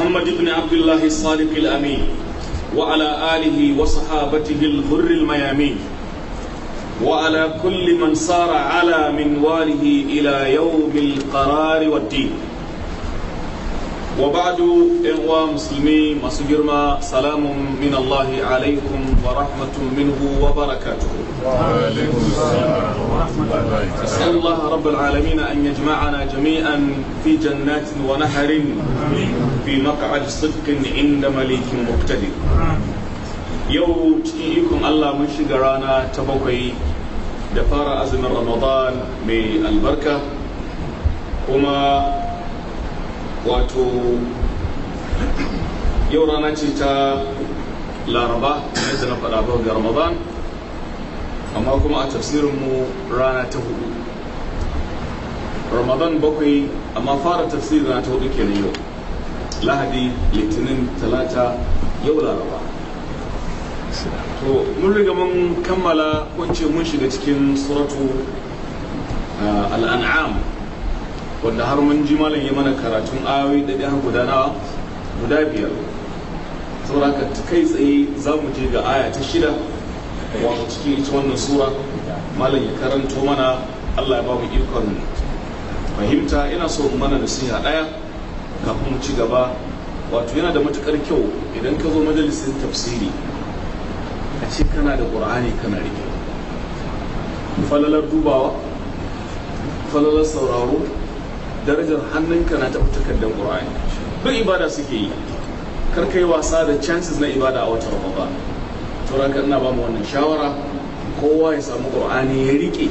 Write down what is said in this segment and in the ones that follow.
محمد بن عبد الله الصادق الأمين وعلى آله وصحابته الغر الميامين وعلى كل من صار على منواله إلى يوم القرار والدين wa ba'du yan uwa musulmi masu girma salamun min Allah alaikum wa rahmatu minhu wa barakatuhu أسأل الله رب العالمين أن يجمعنا جميعا في جنات ونهر في مقعد صدق عند مليك مقتدر yau cikin ikon Allah mun shiga rana ta bakwai da fara azumin Ramadan mai albarka kuma wato yau rana ce ta laraba yadda na faɗa ba ga ramadan amma kuma a tafsirinmu rana ta hudu ramadan bakwai amma fara tafsirin rana ta hudu kenan yau lahadi litinin talata yau laraba to mun riga mun kammala ko mun shiga cikin suratu ah, al'an'am wanda har mun ji malam ya mana karatun ayoyi da har guda na guda biyar saboda kai tsaye za mu je ga aya ta shida wato cikin ita wannan sura malam ya karanto mana Allah ya ba mu ikon fahimta ina so mana nasiha ɗaya kafin mu ci gaba wato yana da matukar kyau idan ka zo majalisin tafsiri a ce kana da ƙur'ani kana rike falalar dubawa falalar sauraro darajar hannunka na taɓa takardar ƙur'ani duk ibada suke yi kar kai wasa da chances na ibada a wata ba to ina ba mu wannan shawara kowa ya samu ƙur'ani ya rike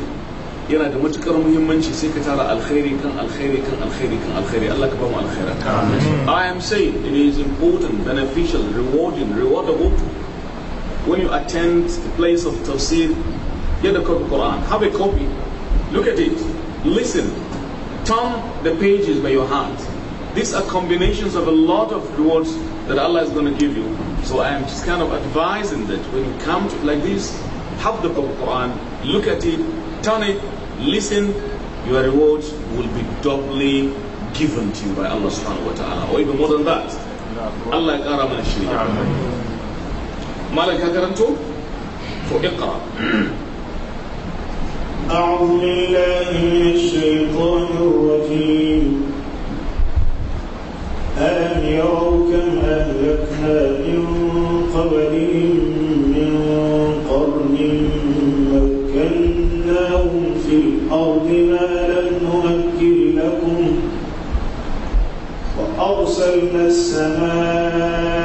yana da matukar muhimmanci sai ka tara alkhairi kan alkhairi kan alkhairi kan alkhairi Allah ka ba mu alkhaira I am saying it is important beneficial rewarding rewardable when you attend the place of tafsir get a copy of Quran have a copy look at it listen turn the pages by your hand. These are combinations of a lot of rewards that Allah is going to give you. So I am just kind of advising that when you come to like this, have the Quran, look at it, turn it, listen, your rewards will be doubly given to you by Allah subhanahu wa ta'ala, or even more than that. Allah ya ƙara iqra. أعوذ بالله من الشيطان الرجيم ألم يروا كم أهلكنا من قبلهم من قرن مكناهم في الأرض ما لم نمكن وأرسلنا السماء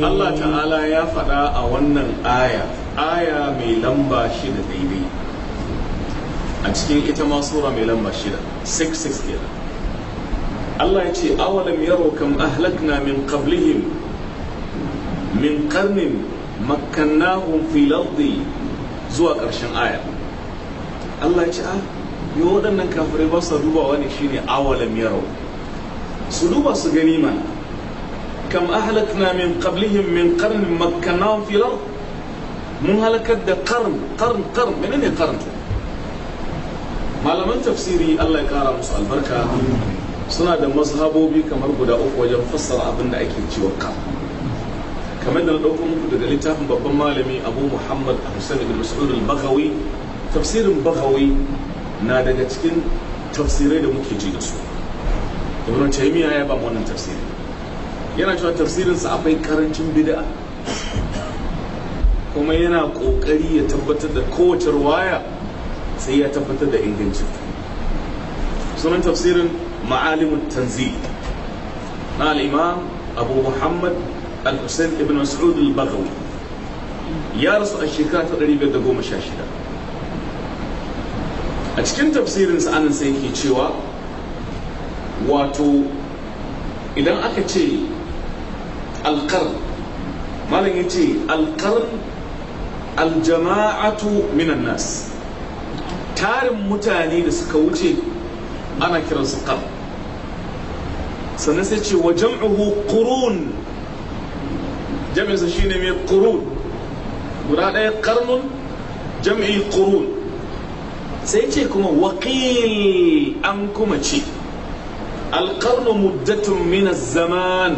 Allah ta'ala ya faɗa a wannan aya aya mai lamba shida daidai a cikin ita ma sura mai lamba shida 66 kenan Allah ya ce awalam yaro kam ahlakna min qablihim min karnin makannahun fil zuwa ƙarshen aya Allah ya ce a ah, yi waɗannan kafirai ba su dubawa ne shine awalam yaro su duba su gani mana kam ahlakna min qablihim min qarn makkannahum fil ard mun halakar da qarn qarn qarn menene qarn malaman tafsiri Allah ya kara musu albarka suna da mazhabobi kamar guda uku wajen fassara abin da ake cewa qarn kamar da na ɗauko muku daga littafin babban malami abu muhammad hussein ibn mas'ud al-baghawi tafsirin baghawi na daga cikin tafsirai da muke ji da su ibn taymiya ya ba mu wannan tafsirin yana cewa tafsirinsa akwai karancin bid'a kuma yana kokari ya tabbatar da kowace ruwaya sai ya tabbatar da ingancin sunan tafsirin ma'alimun tanzi na al'imam abu muhammad al-hussein ibn mas'ud al-baghawi ya rasu a shekara ta 516 a cikin tafsirinsa anan sai yake cewa wato idan aka ce alƙarn malam ya ce alƙarn aljama'atu minan nas tarin mutane da suka wuce ana kiransu ƙarn sannan sai ce wa jam'uhu ƙurun jam'insa shi ne mai ƙurun guda ɗaya ƙarnun jam'i ƙurun sai ce kuma waƙil an kuma ce alƙarnu muddatun min zaman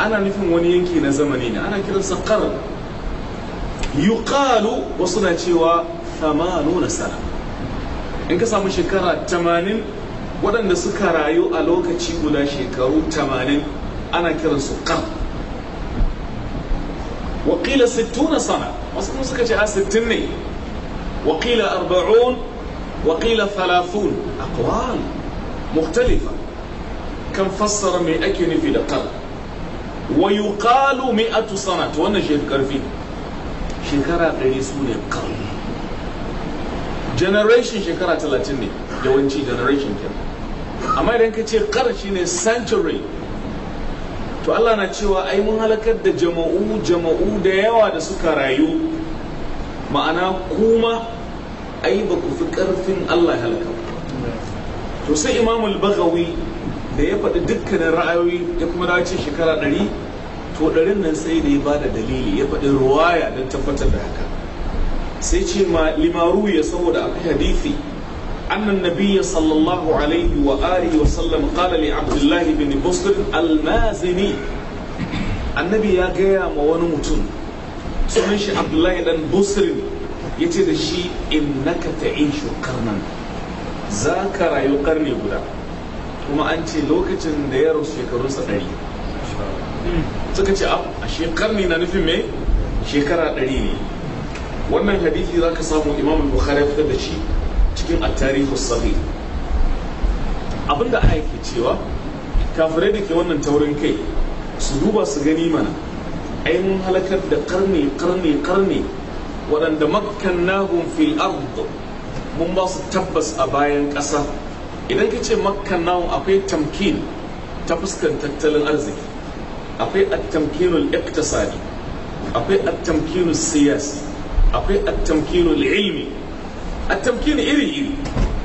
أنا نفهم وني ينكينا زمنين أنا كلا سقر يقال وصلتي و ثمانون سنة إنك سام شكرا تمانين ودن سكرا يو ألوك تيقودا شكرا تمانين أنا كلا سقر وقيل ستون سنة وصلنا على ستنين وقيل أربعون وقيل ثلاثون أقوال مختلفة كم فسر من أكين في القرن wa yuqalu a tusana ta wannan shi shekara ɗari su ne karni generation shekara talatin ne yawanci generation kenan amma idan ka ce kar ne century to Allah na cewa ai mun halakar da jama'u jama'u da yawa da suka rayu ma'ana kuma ai ba ku fi ƙarfin Allah halaka to sai imamul bagawi da ya faɗi dukkanin ra'ayoyi ya kuma dace shekara ɗari to ɗarin nan sai da ya ba da dalili ya faɗi ruwaya don tabbatar da haka sai ce ma limaru ya saboda akwai hadithi annan nabiyya sallallahu alaihi wa alihi wa sallam qala li abdullahi bin busr mazini annabi ya gaya ma wani mutum sunan shi abdullahi dan busrin ya ce da shi innaka ta'ishu karnan za ka rayu karni guda kuma an ce lokacin da ya rasu shekarunsa ɗari suka ce a shekarni na nufin mai shekara ɗari ne wannan hadithi za ka samu imam bukhari ya da shi cikin attarihu sahi abinda aya ke cewa kafirai da ke wannan taurin kai su duba su gani mana ai mun halakar da karni karni karni waɗanda makkannahum fil ard mun ba su tabbas a bayan ƙasa idan ka ce makkan namu akwai tamkin ta fuskar tattalin arziki akwai at-tamkinul iqtisadi akwai a tamkinul siyasi akwai at-tamkinul ilmi a tamkin iri iri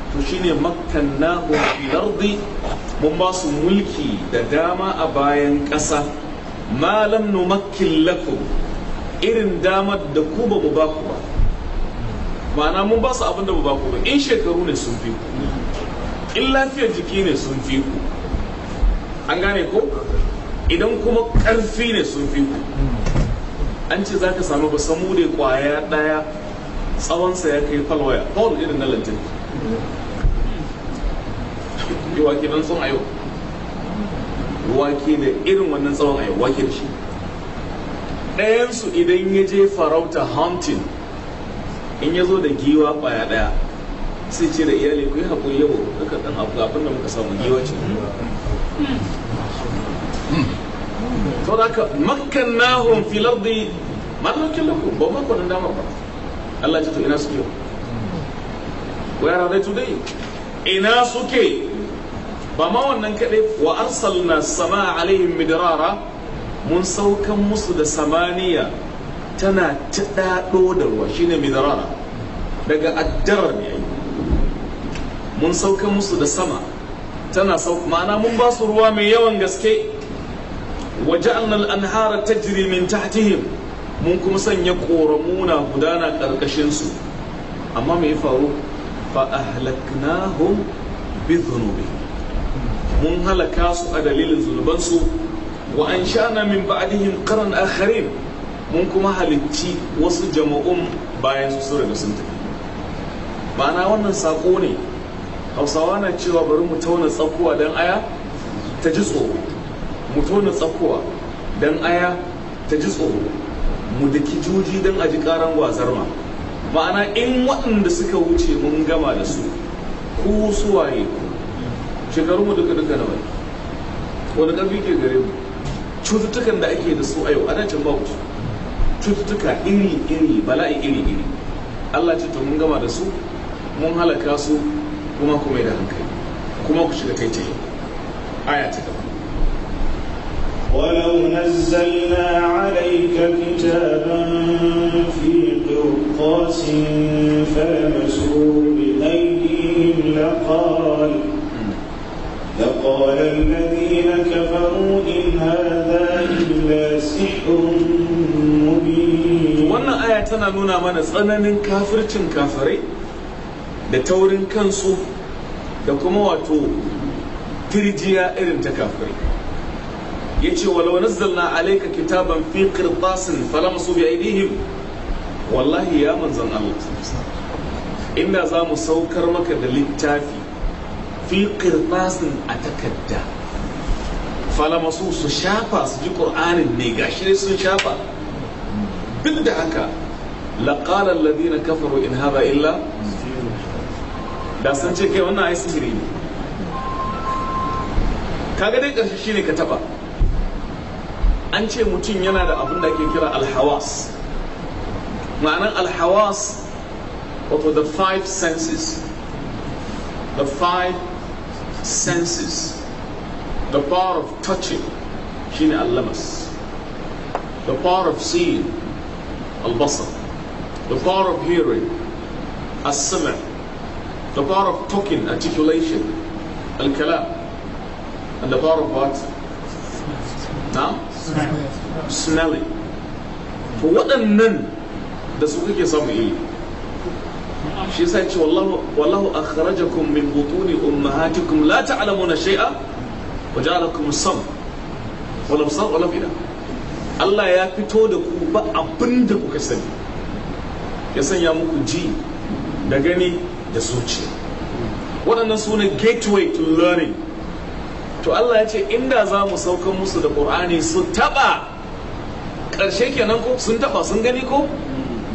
to shine makkannahu fil ardi mun ba su mulki da dama a bayan ƙasa malam lam numakkin lakum irin damar da ku ba mu ba ku ba ma'ana mun ba su abin da mu ba ku ba in shekaru ne sun fi ku in lafiyar jiki ne sun fi ku an gane ko idan kuma karfi ne sun fi ku an ce za ka samu ba samu da kwaya daya tsawonsa ya kai falwaya paul irin na lantarki yi wake don tsawon ayo wake da irin wannan tsawon ayo wake da shi ɗayansu idan ya je farauta hunting in ya zo da giwa kwaya ɗaya. sai ce da iyali ku yi haƙuri yabo haka ɗan abu abin da muka samu giwa ce to da haka makkan nahun filardi mallakin lakum ba ma kwanan damar ba Allah ce to ina suke ku are they today ina suke ba ma wannan kaɗai wa arsalna sama alaihim midrara mun saukan musu da samaniya tana ta da ruwa shine midrara daga addarar ne mun sauka musu da sama tana sauka ma'ana mun ba su ruwa mai yawan gaske وجعلنا الأنهار تجري من تحتهم mun kuma sanya ƙoramuna gudana ƙarƙashinsu amma mai faru fa ahlaknahum bi mun halaka su a dalilin zunubansu wa an sha'ana min ba'dihim qaran akharin mun kuma halicci wasu jama'un bayan su sun tafi ma'ana wannan sako ne hausawa na cewa bari mu tauna tsakuwa don aya ta ji tsoro mu tauna tsakuwa don aya ta ji tsoro mu daki juji don a ji karan ma ma'ana in waɗanda suka wuce mun gama da su ku su ku shekaru mu duka duka nawa wani ƙarfi ke gare mu cututtukan da ake da su a yau ana can babu cututtuka iri iri bala'i iri iri Allah ce to mun gama da su mun halaka su kuma ku da hankali kuma ku shiga taitaye aya ta gaba ولو نزلنا عليك كتابا في قرطاس فلمسوه بأيديهم لقال لقال الذين كفروا إن هذا إلا سحر مبين wannan aya tana nuna mana tsananin kafircin kafirai da taurin kansu da kuma wato tirjiya irin ta kafirai ya ce walau nazzalna alaika kitaban fi qirtasin falamsu bi aidihim wallahi ya manzan Allah inda za mu saukar maka da littafi fi qirtasin a takadda falamasu su shafa su ji qur'anin ne gashi ne sun shafa duk da haka laqala alladhina kafaru in hada illa da sun ce kai wannan ai sihiri ne kaga dai ƙarshe shine ka taba an ce mutum yana da abin da ake kira alhawas ma'anan alhawas wato the five senses the five senses the power of touching shine allamas the power of seeing albasar the power of hearing as-sama' the power of talking, articulation, al-kalam, and the power of what? Now? Smelling. To waɗannan da su kake samun ilimi. Shi sa ce wallahu وَاللَّهُ أَخْرَجَكُمْ مِنْ بُطُونِ أُمَّهَاتِكُمْ لَا تَعْلَمُونَ شَيْئًا وَجَعَلَكُمْ sam وَلَمْ labsar وَلَمْ labida. Allah ya fito da ku ba abin da kuka sani. Ya sanya muku ji da gani da zuciya waɗannan su ne gateway to learning to Allah ya ce inda za mu saukan musu da ƙur'ani su taɓa ƙarshe kenan ko sun taɓa sun gani ko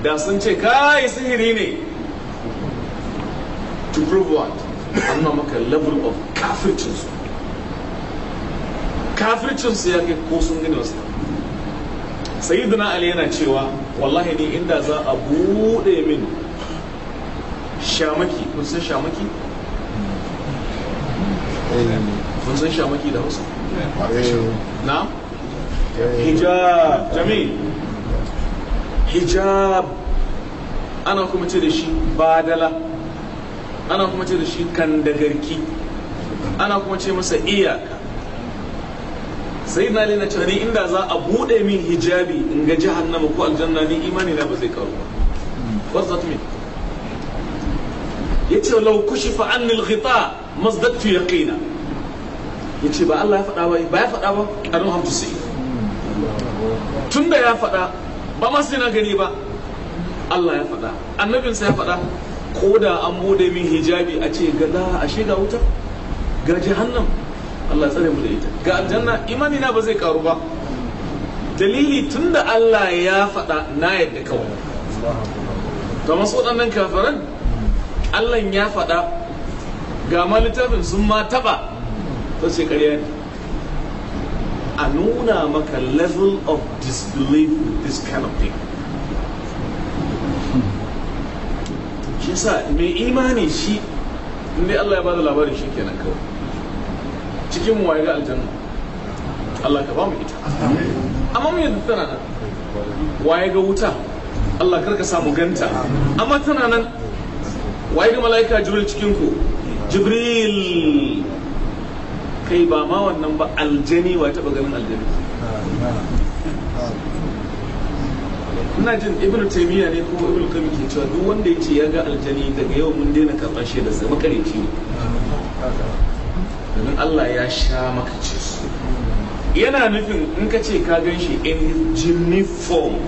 da sun ce kai sihiri ne to prove what amma maka level of kafircinsu kafircinsu ya kai ko sun gani wasu sayyiduna ali yana cewa wallahi ni inda za a buɗe min shamaki kun san shamaki eh. kun san shamaki da hausa eh. na eh. hijab jami hijab ana kuma ce da shi badala ana kuma ce da shi kandagarki ana kuma ce masa iyaka sai na lena cewa ni inda za a buɗe min hijabi in ga jahannama ko aljanna ni imani na ba zai karu ba hmm. what's that mean yace law kushifa anni al-ghita masdadtu yaqina yace ba Allah ya faɗa ba ba ya faɗa ba I don't have tunda ya faɗa ba ma sai na gani ba Allah ya faɗa annabinsa ya faɗa ko da an bude min hijabi a ce ga da a ga wuta ga jahannam Allah tsare mu da ita ga aljanna imani na ba zai karu ba dalili tunda Allah ya faɗa na yadda kawai ga masu waɗannan kafaran. Allah ya faɗa ga ma littafin sun ma taɓa ta ce ƙarya ne a nuna maka level of disbelief with this kind of thing shi sa mai imani shi inda Allah ya bada labarin shi kenan kawai cikin waye ga aljanna Allah ka ba mu ita amma mu yadda tana nan waye ga wuta Allah karka samu ganta amma tana nan waye ga mala'ika jibril cikin ku jibril kai ba ma wannan ba aljani wa taba ganin aljani ina jin ibn taymiya ne kuma ibn kabi ke cewa duk wanda yace ya ga aljani daga yau mun daina karɓar shi da sai makareci ne domin Allah ya sha maka ce su yana nufin in ka ce ka gan shi in jinni form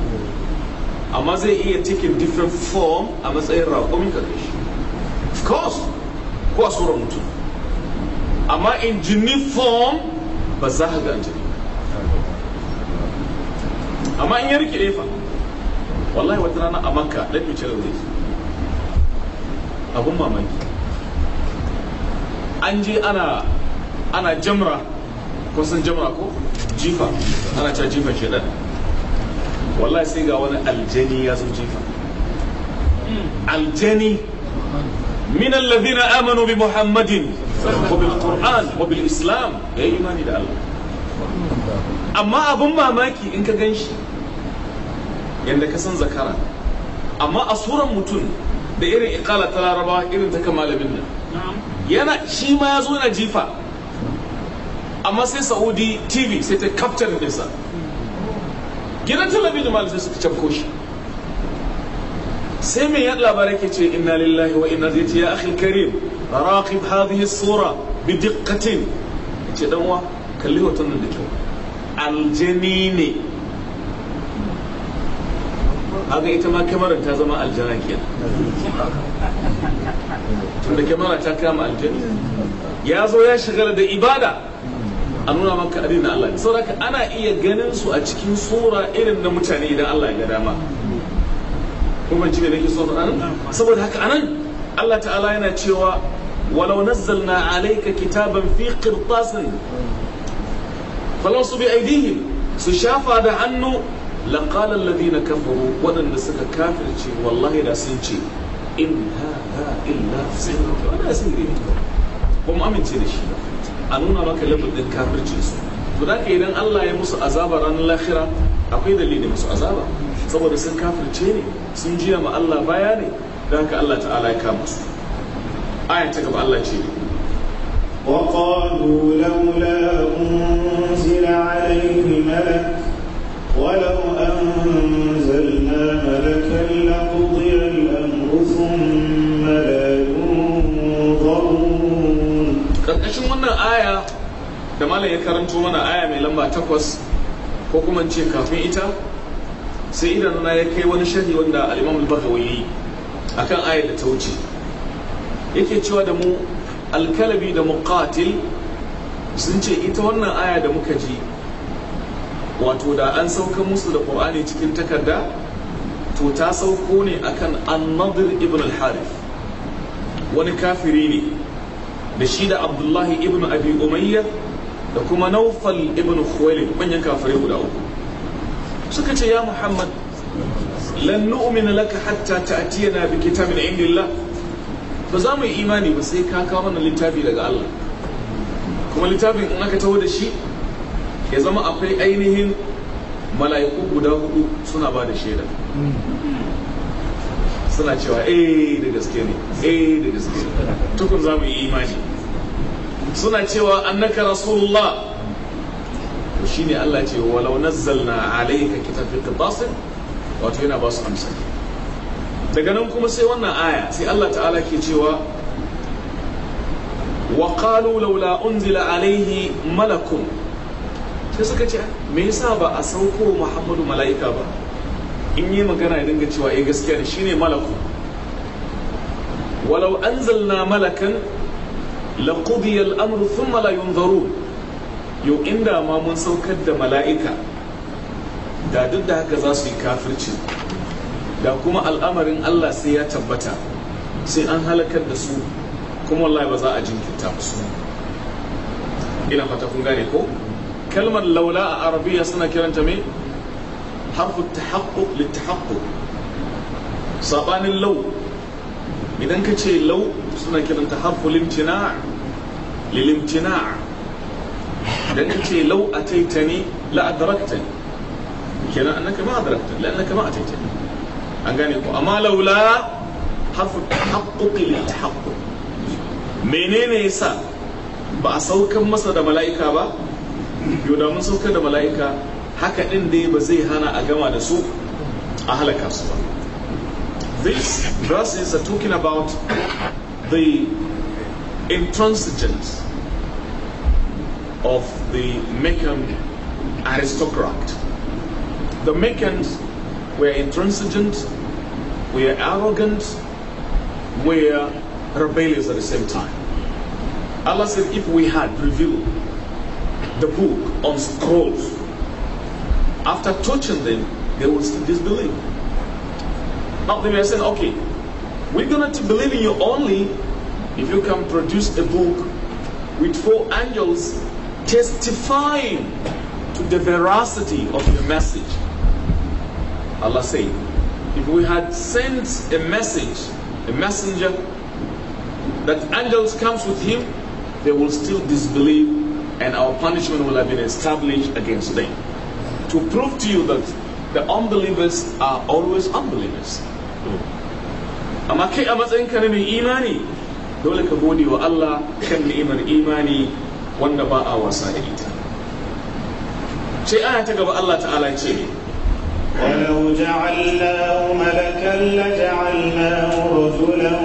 amma zai iya cikin different form a matsayin raƙumin ka gan shi discussed ko a tsoron mutum amma in jini form ba za ka ganta an amma in ya rike efa wallahi wata rana a makka let me tell you abun mamaki an je ana ana jamra ko san jamra ko jifa ana cewa jifa shedan wallahi sai ga wani aljani ya zo jifa aljani من الذين آمنوا بمحمد وبالقرآن وبالإسلام يا إيماني ده الله أما أبو ماماكي إنك جنشي yadda ka san zakara amma a suran mutum da irin ikala ta laraba irin ta kamalamin yana shi ma ya zo yana jifa amma sai saudi tv sai ta kaftar nisa gidan talabijin ma sai cafko shi sai mai yadda labarai ke ce inna lillahi wa inna zai ya akhil karim raqib hadhihi sura bi diqqatin ce dan wa kalli hoton nan da kyau aljani ne haka ita ma kamarar ta zama aljana kenan tunda kamara ta kama aljani ya zo ya shagala da ibada a nuna maka adin na Allah saboda ana iya ganin su a cikin sura irin na mutane idan Allah ya ga dama kuma ji nake so faɗa saboda haka anan Allah ta'ala yana cewa walau nazzalna alayka kitaban fi qirtasin falasu bi aydihim su shafa da hannu laqala alladhina kafaru wadanda suka kafirce wallahi da sun ce in hadha illa sihr ana sihiri kuma amince da shi a nuna maka level din kafircin su to idan Allah ya musu azaba ranar lahira akwai dalilin musu azaba saboda sun kafirce ne sun jiya ma Allah baya ne don haka Allah ta'ala ya kama su aya ta gaba Allah ce وقالوا لولا أنزل عليه ملك ولو أنزلنا ملكا لقضي الأمر ثم لا ينظرون ƙarƙashin wannan aya da malam ya karanto mana aya mai lamba takwas ko kuma ce kafin ita sai idan na ya kai wani sharhi wanda al-imam akan ayar da ta wuce yake cewa da mu alkalabi da muqatil sun ce ita wannan aya da muka ji wato da an sauka musu da qur'ani cikin takarda to ta sauko ne akan an-nadir ibn al-harith wani kafiri ne da shi da abdullahi ibn abi umayya da kuma naufal ibn khuwailid manyan kafirai guda uku suka ce ya muhammad lan nu'mina laka hatta ta'tiyana bi kitabin indillah ba za mu yi imani ba sai ka kawo mana littafi daga Allah kuma littafin in aka taho da shi ya zama akwai ainihin mala'iku guda hudu suna ba da shaida suna cewa eh da gaske ne eh da gaske tukun za mu yi imani suna cewa annaka rasulullah to shine Allah ce walau nazzalna alayka kitabi qidasin wato yana ba su amsa daga nan kuma sai wannan aya sai Allah ta'ala ke cewa wa qalu laula unzila alayhi malakun sai suka ce me yasa ba a sauko Muhammadu malaika ba in yi magana ya dinga cewa eh gaskiya ne shine malaku walau anzalna malakan laqudiya al-amru thumma la yunzarun yau inda ma mun saukar da mala'ika da duk da haka za su yi kafirci da kuma al'amarin Allah sai ya tabbata sai an halakar da su kuma wallahi ba za a jinkirta musu ina fata kun gane ko kalmar laula a arabiya suna kiranta me harfu tahaqquq litahaqquq sabanin law idan ka ce law suna kiranta harfu limtina' lilimtina' da ka lau a taita ne la adrakta kenan annaka ma adrakta la annaka ma ataitani an gane ko amma laula hafu tahaqquqi li tahaqquq menene sa ba a saukan masa da mala'ika ba yau da mun saukar da mala'ika haka din dai ba zai hana a gama da su a halaka su ba These verses are talking about the intransigence of the Meccan aristocrat. The Meccans were intransigent, were arrogant, were rebellious at the same time. Allah said, if we had revealed the book on scrolls, after touching them, they would still disbelieve. Now they were saying, okay, we're going to believe in you only if you can produce a book with four angels testifying to the veracity of your message. Allah said, if we had sent a message, a messenger, that angels comes with him, they will still disbelieve and our punishment will have been established against them. To prove to you that the unbelievers are always unbelievers. Amma kai a imani, dole ka wa Allah kan ni'imar imani wanda ba a wasa da ita sai aya ta gaba Allah ta'ala ce ولو جعلناه ملكا لجعلناه رجلا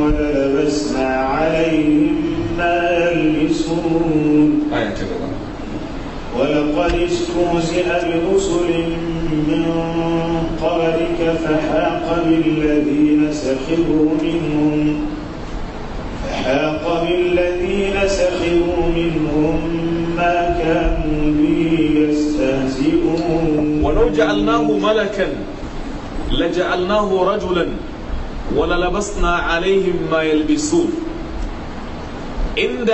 وللبسنا عليهم ما يلبسون آية تقرأ ولقد استهزئ برسل من قبلك فحاق بالذين سخروا منهم وحاق بالذين سخروا منهم ما كانوا به يستهزئون ولو جعلناه ملكا لجعلناه رجلا وللبسنا عليهم ما يلبسون عند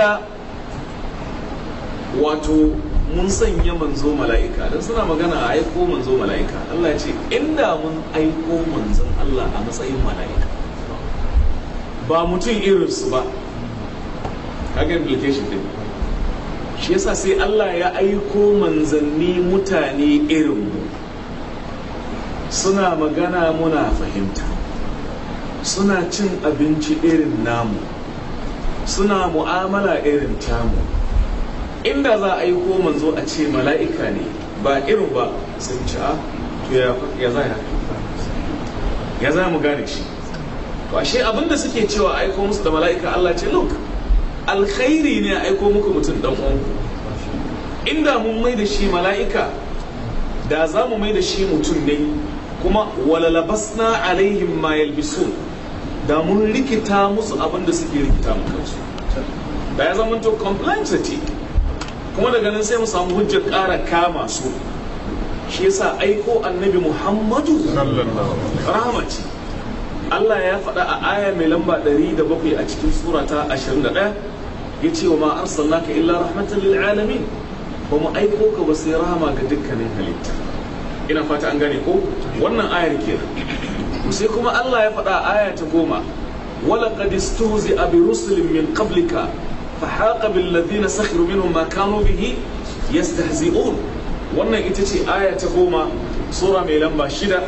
wato mun sanya manzo mala'ika don suna magana a aiko manzo mala'ika Allah ce inda mun aiko manzon Allah a matsayin mala'ika ba mutum irinsu ba kaga implication din shi yasa sai Allah ya aiko manzanni mutane irin mu suna magana muna fahimta suna cin abinci irin namu suna mu'amala irin tamu inda za a aiko zo a ce mala'ika ne ba irin ba sun ci a ya za ya za mu gane shi ba shi abinda suke cewa aiko musu da mala'ika Allah ce look alkhairi ne aiko muku mutum dan uwanku inda mun mai da shi mala'ika da za mu mai da shi mutum ne kuma walalabasna alaihim ma yalbisun da mun rikita musu abin da suke rikita mu kansu da ya zama to complexity kuma daga nan sai mu samu hujjar ƙara kama su shi yasa aiko annabi muhammadu rahmati Allah ya faɗa a aya mai lamba 107 a cikin surata 21 ya ce wa ma arsalnaka illa rahmatan lil alamin ba mu aiko ka ba sai rahama ga dukkanin halitta ina fata an gane ko wannan ayar kenan sai kuma Allah ya faɗa aya ta goma ولقد استهزئ برسل من قبلك فحاق بالذين سخروا منهم ما كانوا به يستهزئون wannan ita ce aya ta goma sura mai lamba shida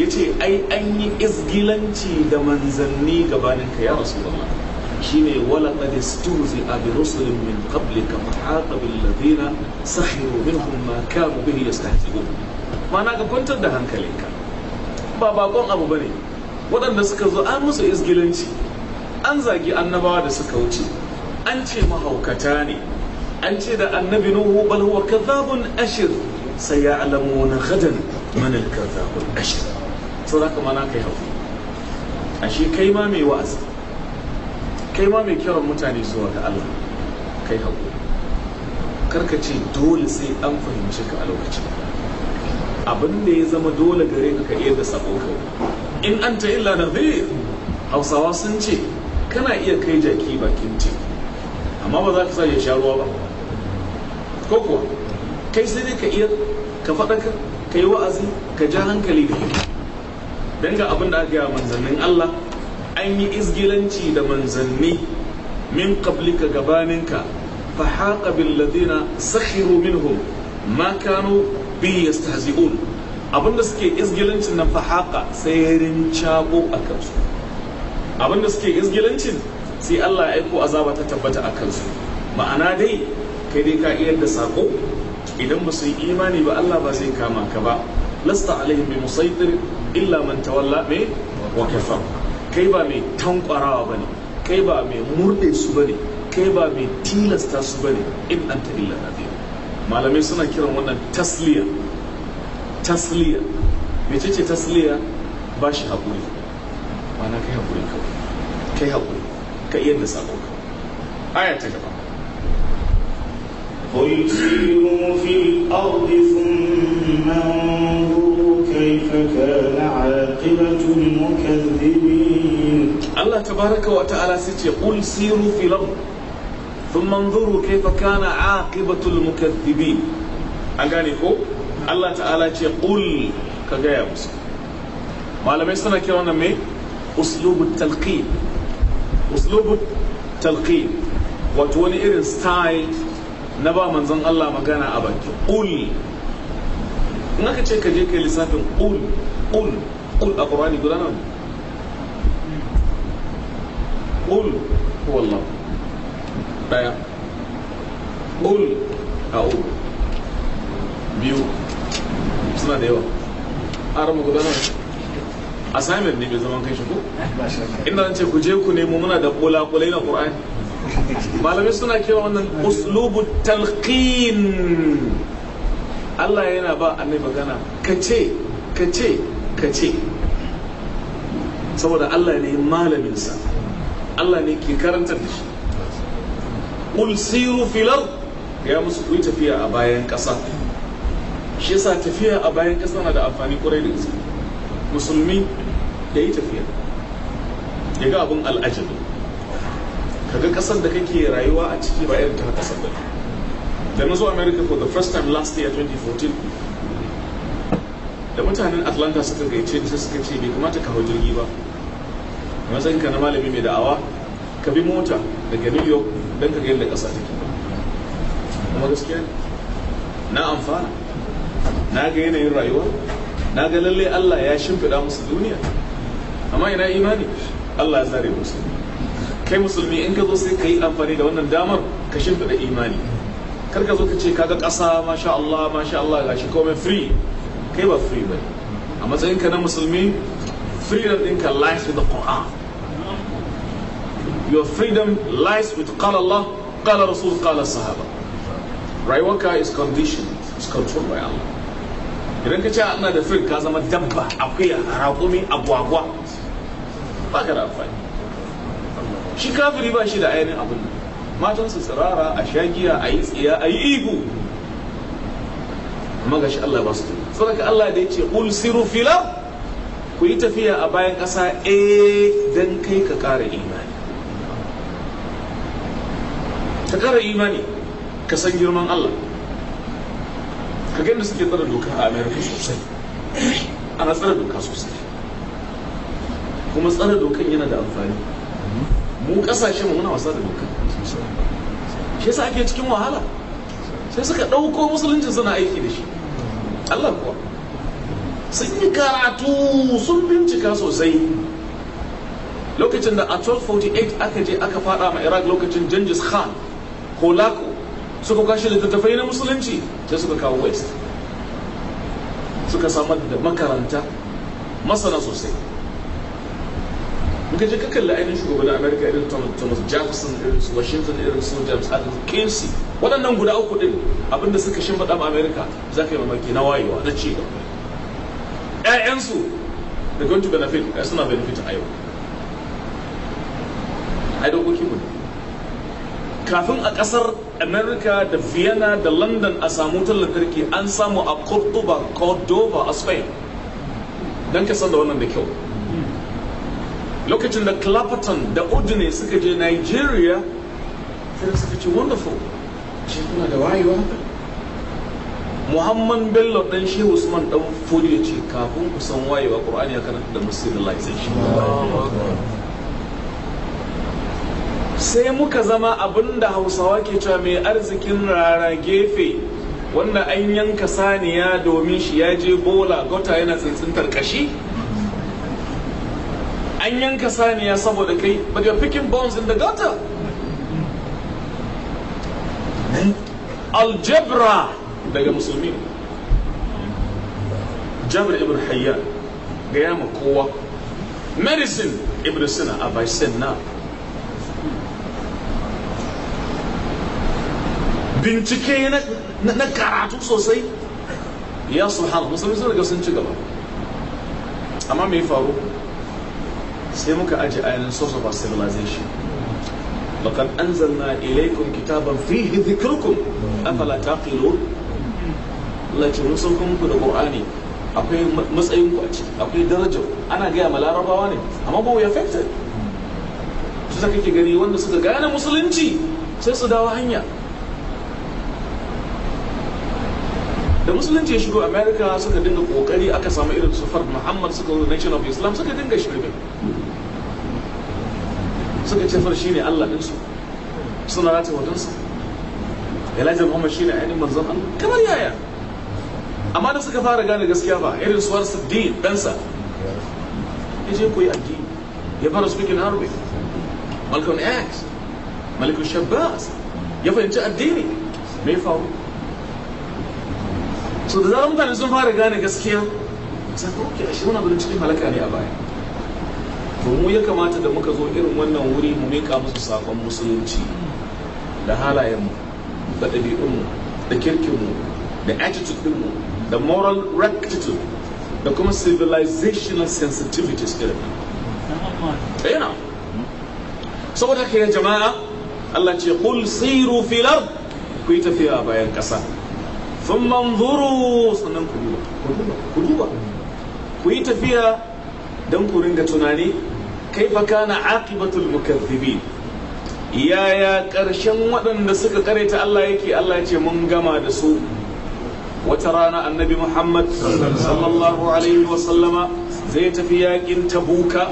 ya ce ai an yi izgilanci da manzanni gabaninka ya rasu shine wala qad istuhzi'a bi rusulin min qablika fa haqa bil ladina sahiru minhum ma kanu bihi yastahzi'un mana ga kwantar da hankalinka ba bakon abu bane waɗanda suka zo an musu izgilanci an zagi annabawa da suka wuce an ce mahaukata ne an ce da annabi nuhu bal huwa kadhabun ashir saya'lamuna ghadan man al kadhabun ashir saboda kuma na kai hafi ashe kai ma mai wa'azi kai ma mai kyawun mutane zuwa ga Allah kai haƙuri karka ce dole sai an fahimci ka a lokacin abin da ya zama dole gare ka ka iya da sabo in an ta illa na hausawa sun ce kana iya kai jaki bakin teku amma ba za ka sa ya sha ruwa ba ko kuwa kai sai dai ka iya ka faɗaka ka yi wa'azi ka ja hankali da hikima don ga abin da aka yi a manzannin Allah an yi izgilanci da manzanni min qablika gabaninka fa haqa bil ladina sakhiru minhum ma kanu bi yastahzi'un abinda suke izgilancin nan fa haqa sai rincabo a kansu abinda suke izgilancin sai Allah ya aiko azaba ta tabbata a kansu ma'ana dai kai dai ka iya da sako idan ba su yi imani ba Allah ba zai kama ka ba lasta alaihim bi musaitir illa man tawalla me wa kafara kai ba mai tankwarawa ba ne kai ba mai murɗe su ba ne kai ba mai tilasta su ba ne in an ta illa nazir malamai suna kiran wannan tasliya tasliya mece ce tasliya ba shi haƙuri na kai haƙuri kawai kai haƙuri ka iya da sako kawai aya ta gaba قل سيروا في الأرض ثم انظروا كيف كان عاقبة المكذبين Allah tabaraka wa ta'ala sai ce qul siru fil ard thumma anzuru kayfa kana aqibatul mukaththibin an gane ko Allah ta'ala ce qul ka gaya musu malamai suna kira wannan mai uslubut talqin uslubut talqin wato wani irin style na ba manzon Allah magana a baki qul in aka ce ka je kai lissafin qul qul qul a qur'ani guda nawa ƙul huwallah ɗaya ƙul a uku biyu suna da yawa a rama guda nan assignment ne mai zaman kai shigo inda ce ku je ku nemo muna da kula-kulai na ƙur'ani malamai suna kewa wannan uslubu talqin Allah yana ba annabi magana ka ce ka ce ka ce saboda Allah ne malaminsa Allah ne ke karantar da shi qul siru filar ya musu ku tafiya a bayan ƙasa shi yasa tafiya a bayan ƙasa na da amfani ƙwarai da gaske musulmi ya yi tafiya ya ga abin al'ajabi kaga ƙasar da kake rayuwa a ciki ba irin ta ƙasar da da na zo america for the first time last year 2014 da mutanen atlanta suka gaice ta suka ce bai kamata ka hau jirgi ba matsayinka na malami mai da'awa ka bi mota daga new york don ka ga yadda ƙasa take kuma gaskiya na amfana na ga yanayin rayuwa na ga lalle allah ya shimfiɗa musu duniya amma ina imani allah ya zare musu kai musulmi in ka zo sai ka yi amfani da wannan damar ka shimfiɗa imani kar ka zo ka ce kaga ƙasa masha allah masha allah gashi komai free kai ba free ba a matsayinka na musulmi freedom ɗinka lies with the quran Your freedom lies with Qala Allah, Qala Rasul, Qala Sahaba. Rayuwarka is conditioned, is controlled by Allah. Idan ka ce Allah da fil ka zama dabba, akuya, raƙumi, agwagwa. Ba ka da amfani. Shi kafiri ba shi da ainihin abin nan. su tsirara, a shagiya, a yi tsiya, a yi igu. Amma ga shi Allah ba su tuni. Saboda Allah da ya ce, Ul siru fila. ku yi tafiya a bayan ƙasa, eh, don kai ka ƙara ina ta kara imani ka san girman Allah ka gani suke tsara doka a america sosai ana tsara doka sosai kuma tsara dokan yana da amfani mu kasashe mu muna wasa da doka shi yasa ake cikin wahala sai suka ɗauko musulunci suna aiki da shi Allah kuwa sun yi karatu sun bincika sosai lokacin da a 1248 aka je aka fada ma iraq lokacin jenjis khan ko lako suka kwashe littattafai na musulunci sai suka kawo west suka samar da makaranta masana sosai muka je ka kalli ainihin shugabannin amerika irin thomas jefferson irin su washington irin su james adams casey waɗannan guda uku ɗin abinda suka shimfiɗa ma amerika za ka yi mamaki na wayewa na ci gaba ƴaƴansu da going to benefit ga suna benefit a yau ai dokokin mu ne kafin a kasar america da vienna da london a samu wutar lantarki an samu a cordoba cordoba a spain don ka san da wannan da kyau lokacin da clapperton da udine suka je nigeria sai suka ce wonderful ce kuna da wayewa muhammad bello dan shi usman dan fodi ya ce kafin kusan wayewa qur'ani ya karanta da muslim license sai muka zama abin da hausawa ke cewa mai arzikin rara gefe wanda an yanka saniya domin shi ya je bola gota yana tsintsintar kashi an yanka saniya saboda kai but you're picking bones in the gutter algebra daga musulmi jabir ibn hayyan gaya ma kowa medicine ibn sina abai na bincike na karatu sosai ya su hana musulmi sun riga sun ci gaba amma mai faru sai muka aji ainihin source of our civilization لقد أنزلنا إليكم كتابا فيه ذكركم أفلا تعقلون لكن نصركم كده قرآني akwai matsayin ku a ciki akwai darajar ana gaya ma larabawa ne amma ba wuya affected su ta kake gani wanda suka gane musulunci sai su dawo hanya da musulunci ya shigo america suka dinga kokari aka samu irin su muhammad suka zo nation of islam suka dinga shirme suka ce far shine allah su suna rata wadansa elijah muhammad shine ainihin manzon allah kamar yaya amma da suka fara gane gaskiya ba irin suwar siddi ɗansa ya je koyi addini ya fara speaking arabic malcolm x malikul shabbas ya fahimci addini mai faru so da zarar mutane sun fara gane gaskiya sai ka oke ashe muna gudun cikin halaka ne a baya to mu ya kamata da muka zo irin wannan wuri mu miƙa musu sakon musulunci da mu da ɗabi'unmu da kirkinmu da attitude ɗinmu da moral rectitude da kuma civilizational sensitivity spirit yana eh, saboda haka ya jama'a Allah ce kul siru filar ku yi tafiya bayan ƙasa sun manzuru sannan ku duba ku duba ku yi tafiya don ku ringa tunani fa kana aqibatul mukaththibin yaya ƙarshen waɗanda suka kareta Allah yake Allah ya ce mun gama da su wata rana annabi muhammad sallallahu alaihi wasallama zai tafi yakin tabuka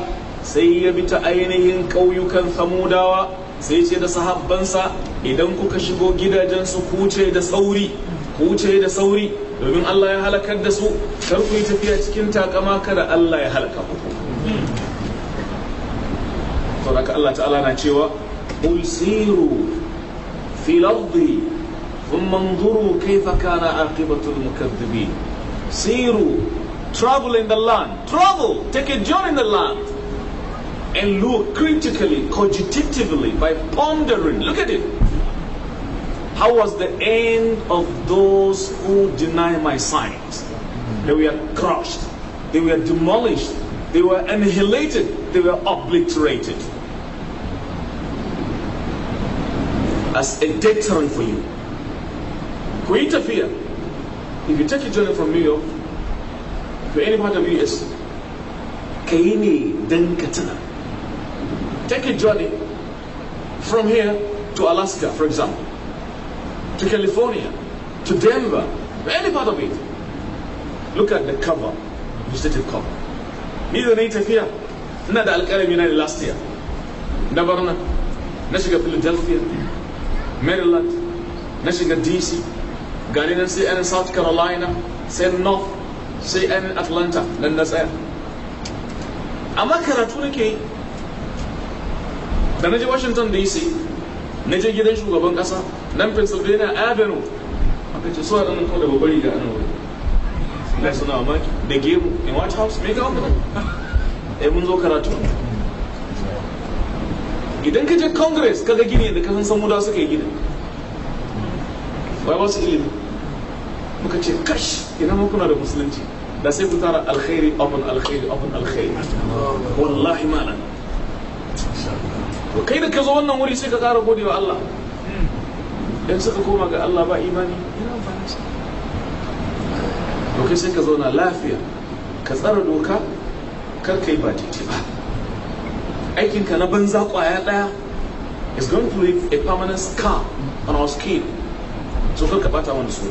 sai ya bi ta ainihin ƙauyukan samudawa sai ce da sahabbansa idan kuka shigo gidajensu kuce da sauri ku wuce da sauri domin Allah ya halakar da su kar ku yi tafiya cikin takama kada Allah ya halaka ku to ka Allah ta'ala na cewa qul siru fil ardi thumma anzuru kayfa kana aqibatu al mukaththibin siru travel in the land travel take a journey in the land and look critically cogitatively by pondering look at it How was the end of those who deny my signs? They were crushed, they were demolished, they were annihilated, they were obliterated. As a deterrent for you. Create a fear. If you take a journey from New York for any part of is Kaini then Take a journey from here to Alaska, for example to California, to Denver, any part of it. Look at the cover, legislative cover. Ni da na yi tafiya, Al da alƙalami na last year. Never bar na, Philadelphia, Maryland, na DC, gani nan sai South Carolina, say North, say yan Atlanta, nan na tsaya. Amma karatu nake da na Washington DC, na je gidan shugaban ƙasa, nan pennsylvania avenue aka ce suwa ɗan kawai da babbar riga ana wuri na suna mamaki da gemu in white house me ga wannan eh mun zo karatu idan ka je congress ka kaga gini da ka san muda suka yi gini wai wasu ilimi muka ce kash Idan ma kuna da musulunci da sai ku tara alkhairi abun alkhairi abun alkhairi wallahi malam kai da ka zo wannan wuri sai ka kara godewa Allah in suka koma ga Allah ba imani yana amfani su to kai sai ka zauna lafiya ka tsara doka kar kai ba titi ba aikinka na banza kwaya daya is going to leave a permanent scar on our skin so kar ka bata wani so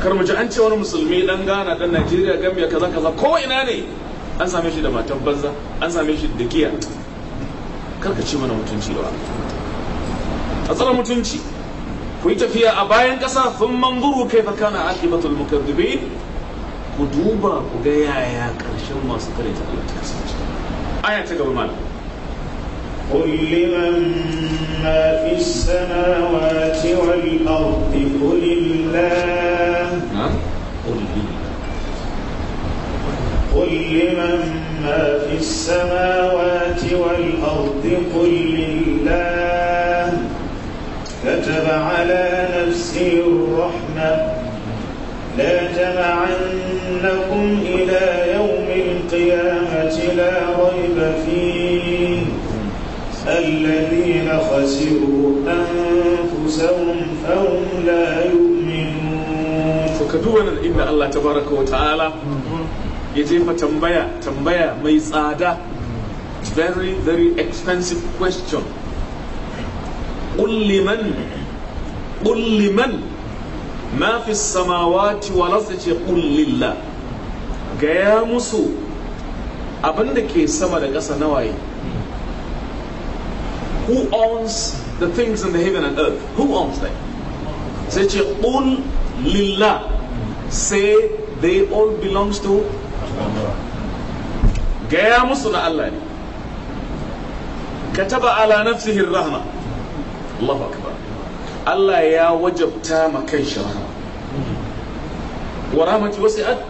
kar mu ji an ce wani musulmi dan Ghana dan Najeriya Gambia kaza kaza ko ina ne an same shi da matan banza an same shi da giya kar ka ci mana mutunci ba أزرى متنشي كويت فيها أباين كسا ثم انظروا كيف كان عاقبة المكذبين كدوبا كغيا يا كرشم ما سكرت على تكسا آية تقبل مال قل لمن ما في السماوات والأرض قل الله نعم. قل لمن ما في السماوات والأرض قل كتب على نفسه الرحمة لا ليجمعنكم إلى يوم القيامة لا ريب فيه الذين خسروا أنفسهم فهم لا يؤمنون فكدونا إن الله تبارك وتعالى يجيب تنبيا تنبيا ميزادة very very expensive question قل لمن qul liman ma fi samawati wal ardi ce qul lillah gaya musu abin da ke sama da ƙasa na waye who owns the things in the heaven and earth who owns them sai ce qul say they all belongs to gaya musu na Allah ne kataba ala nafsihi rahma Allah ya wajabta ma kan shi rahama wa rahmati wasi'at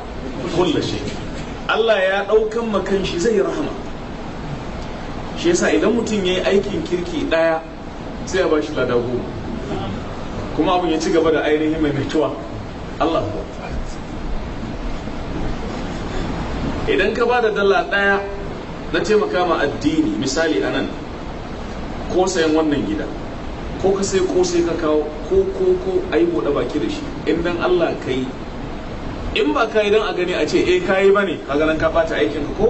kullu shay Allah ya daukan ma kan shi zai rahama shi yasa idan mutum yayi aikin kirki daya sai ya bashi lada goma kuma abun ya ci gaba da ainihin mai mutuwa Allah idan ka ba da dala daya na taimaka ma addini misali anan ko sayan wannan gida ko ka sai ko sai ka kawo ko ko ko ai bude baki da shi in dan Allah kai in ba kai dan a gani a ce eh kai bane kaga nan ka bata aikin ka ko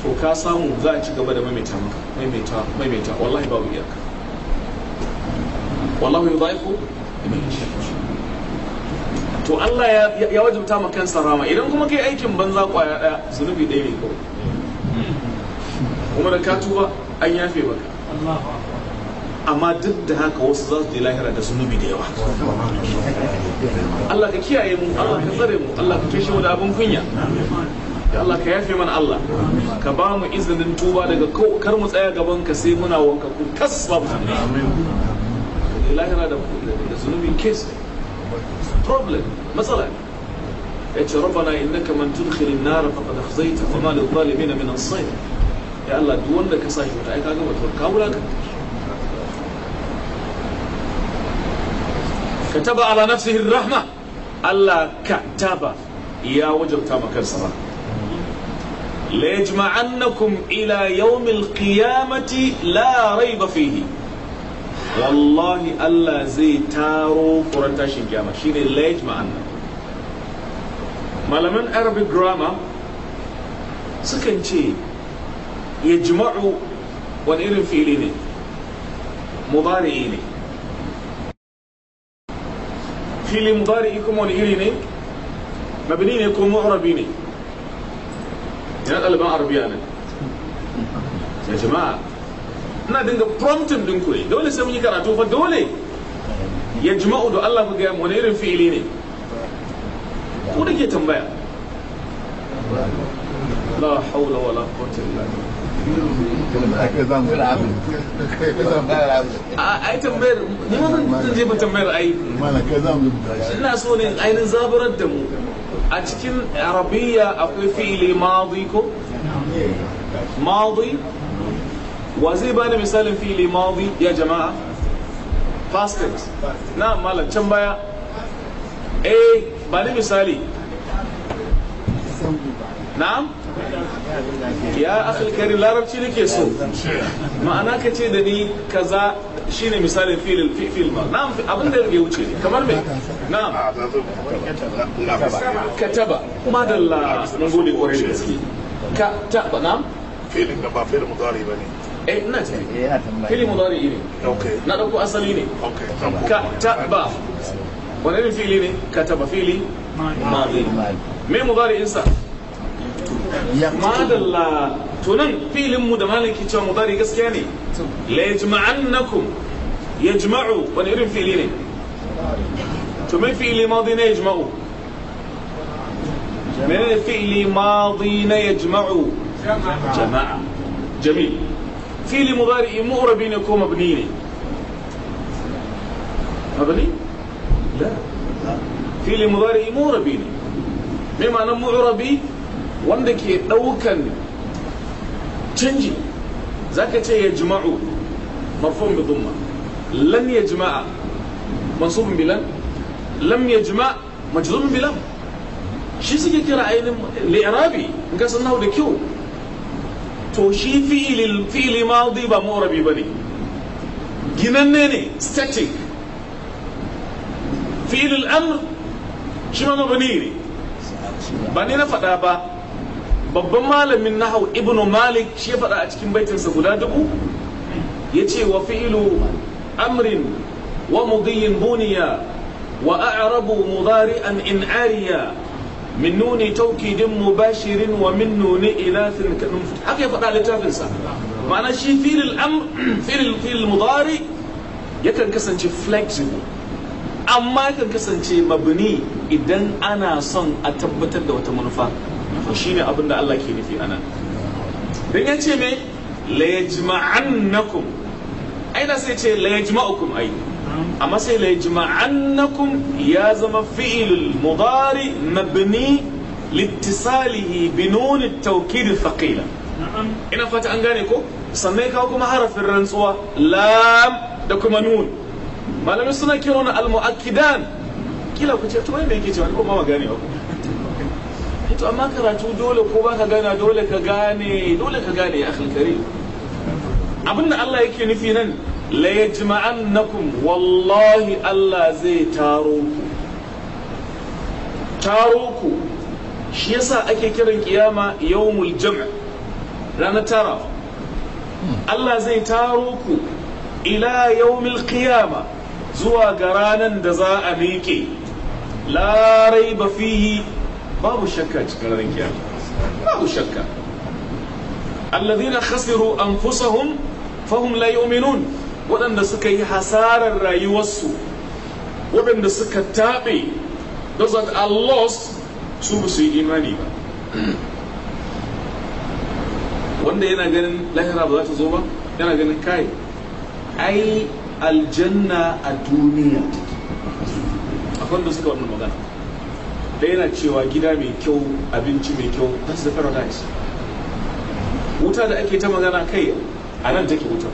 to ka samu za a ci gaba da maimaita maka maimaita maimaita wallahi babu iyaka wallahu yudhaifu to Allah ya ya wajibta maka kansa rama idan kuma kai aikin banza kwaya daya zunubi dai ne ko kuma da ka tuba an yafe maka Allahu akbar amma duk da haka wasu za su je lahira da zunubi da yawa Allah ka kiyaye mu Allah ka tsare mu Allah ka toshe mu da abin kunya ya Allah ka yafe mana Allah ka ba mu izinin tuba daga kar mu tsaya gaban ka sai muna wanka ku kasbab amin lahira da da zunubin kes problem matsala ya ce rabbana innaka man tudkhilin nar faqad akhzayta wa ma lil zalimin min ansar ya Allah duk wanda ka sa shi ta ai kaga mutum ka wulaka kataba ala nafsihi rahma Allah kataba ya wajauta ma kansa ba la yajma'annakum ila yawm al-qiyamati la rayba fihi wallahi Allah zai taro furan tashin kiyama shine la yajma'annakum malaman Arabic grammar sukan ce yajma'u wani irin fili ne mudari'i ne fili mudari kuma wani iri ne mabini ne ko mu'rabi ne yana ɗaliban arabiya ne ya jama'a ina dinga promptin din ku dole sai mun yi karatu fa dole ya jima'u da Allah ku ga mu wani irin fi'ili ne ku da ke tambaya la haula wala quwwata illa billah ai tambayar ni ma zan jefa tambayar ai ina so ne ainihin zaburar da mu a cikin arabiya akwai fi'ili madi ko madi wa zai ba da misalin fi'ili madi ya jama'a past tense na malam can baya eh ba ni misali na'am ya akal karim larabci nake so ma'ana ka ce da ni kaza shine misalin filin fi'il ma na'am abin da ya wuce ne kamar me na'am kataba madalla mun gode kwarai da gaske ka taba na'am filin da ba filin mudari ba ne eh ina ce eh, filin mudari ne na dauko asali ne ka taba wani ne fili ne ka taba fili madi me mudari insa madalla tunan filin mu da malam ke cewa mudari gaskiya ne la yajma'annakum yajma'u wani irin fili ne to mai fili madi na yajma'u menene fili madi na yajma'u jama'a jamil fili mudari mu'rabi ne ko mabni ne مبني لا فعل مضارع معربي ما معنى معربي wanda ke ɗaukan canji zaka ce ya jima'u bi dhumma ya jima'a lam ya jima shi suke kira ainihin li'irabi in ka da kyau to shi madi ba murabi bane ginanne ne static amr shi ma ne ba na faɗa ba babban malamin nahau ibnu malik shi ya faɗa a cikin baitinsa guda dubu ya ce wa fi'ilu amrin wa mudiyin buniya wa a'rabu mudari'an in ariya min nuni taukidin mubashirin wa min nuni ilatin kadin haka ya faɗa littafinsa ma'ana shi fi'il fi'il mudari yakan kasance flexible amma yakan kasance mabni idan ana son a tabbatar da wata manufa to shine abin da Allah ke nufi anan dan ya ce me la yajma'annakum ai da sai ce la ai amma sai la yajma'annakum ya zama fi'il mudari mabni littisalihi bi nuni at-tawkid thaqila ina fata an gane ko sannan kawo kuma harafin rantsuwa lam da kuma nun malamai suna kirona al-mu'akkidan kila ku ce to me yake cewa ko ma gane ba to amma karatu dole ko ba ka gana dole ka gane dole ka gane ya akhil karim abin da Allah yake nufi nan la yajma'annakum wallahi Allah zai taro ku taro ku shi yasa ake kiran kiyama yawmul jam' tara Allah zai taro ku ila yawmil qiyama zuwa ga ranan da za a miƙe la raiba fihi babu shakka cikin ranar kiyama babu shakka alladhina khasiru anfusahum fahum la yu'minun waɗanda suka yi hasarar rayuwarsu waɗanda suka taɓe those that are lost su ba su yi imani ba wanda yana ganin lahira ba za ta zo ba yana ganin kai ai aljanna a duniya akwai da suka wannan magana da yana cewa gida mai kyau abinci mai kyau that's the paradise wuta da ake ta magana kai a nan take wuta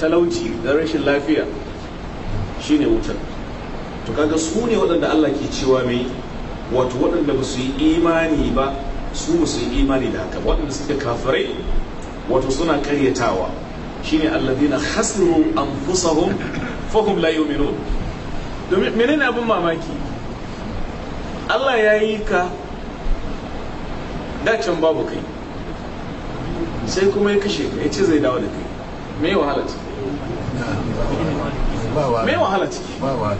talauci da rashin lafiya shine wutar to kaga su ne waɗanda Allah ke cewa mai wato waɗanda ba su yi imani ba su ba su yi imani da haka waɗanda suka kafirai wato suna karyatawa shine alladhina an anfusahum fahim la ominu domin menene abin mamaki Allah ya yi ka dacin babu kai sai kuma ya kashe ka ya ce zai dawo da kai me wahala ciki me wahala ciki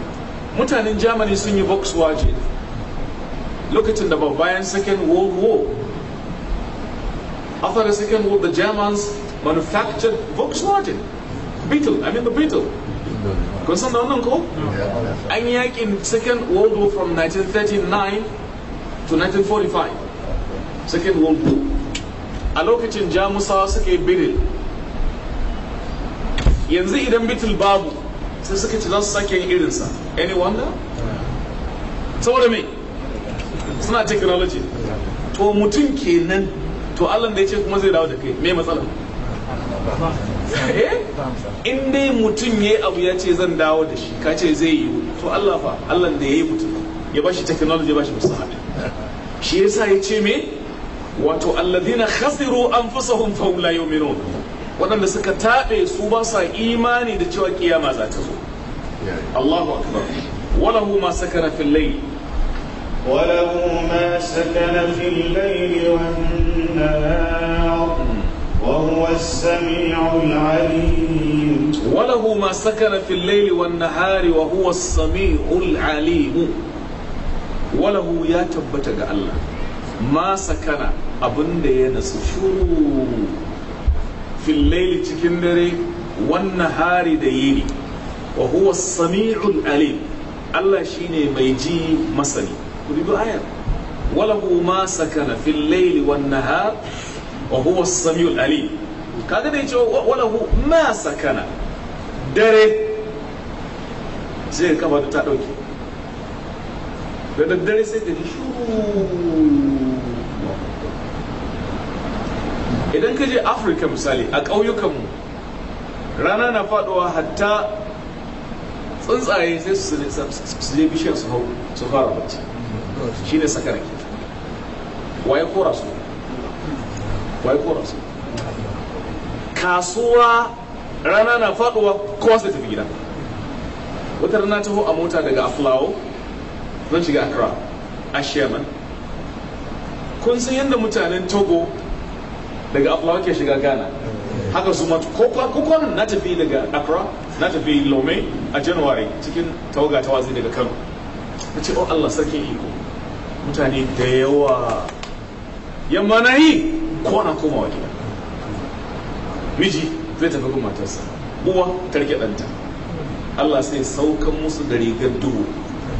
mutanen germany sun yi volkswagen lokacin da bayan second world war after the second war the germans manufactured volkswagen beetle i mean the beetle kun san da wannan ko an yakin second world war from 1939 to 1945 second world war a lokacin jamusawa suke yi birin yanzu idan bitil babu sai suka ci za su sake yin irinsa any wonder saboda me suna technology to mutum kenan to allah da ya ce kuma zai dawo da kai me matsala Eh? in dai mutum ya abu ya ce zan dawo da shi ka ce zai yi to Allah fa Allah da ya yi mutum ya ba shi technology ya ba shi fasaha shi ya sa ya ce me wato alladhina khasiru anfusahum fa hum la yu'minun waɗanda suka taɓe su ba sa imani da cewa kiyama za ta zo Allahu akbar walahu ma sakana fil layl walahu ma sakana fil layli wan nahar وله ما سكن في الليل والنهار وهو السميع العليم وله يا تبت الله ما سكن abinda ya nasu shuru fil cikin dare wannan hari da yini wa huwa sami'ul alim Allah shine mai ji masani ku ma sakana fil laili wan wa huwa samiul ali kaga da yace walahu ma sakana dare sai ka ta dauke da daddare sai ka ji idan ka je afirka misali a ƙauyukanmu rana na faduwa hatta tsuntsaye sai su je bishiyar su hau su fara bacci shi ne sakana ke waye kora su wai kora su kasuwa rana na faduwa kowa sai tafi gida wata rana taho a mota daga aflawo zan shiga accra a sheman kun san yadda mutanen togo daga aflawo ke shiga ghana haka su matu kokon na tafi daga accra na tafi lome a january cikin tawaga ta wazi daga kano na ce oh allah sarkin iko mutane da yawa yamma na yi kona koma komawa gida miji zai tafi gun matarsa uwa tarke ɗanta Allah sai saukan musu da rigar duhu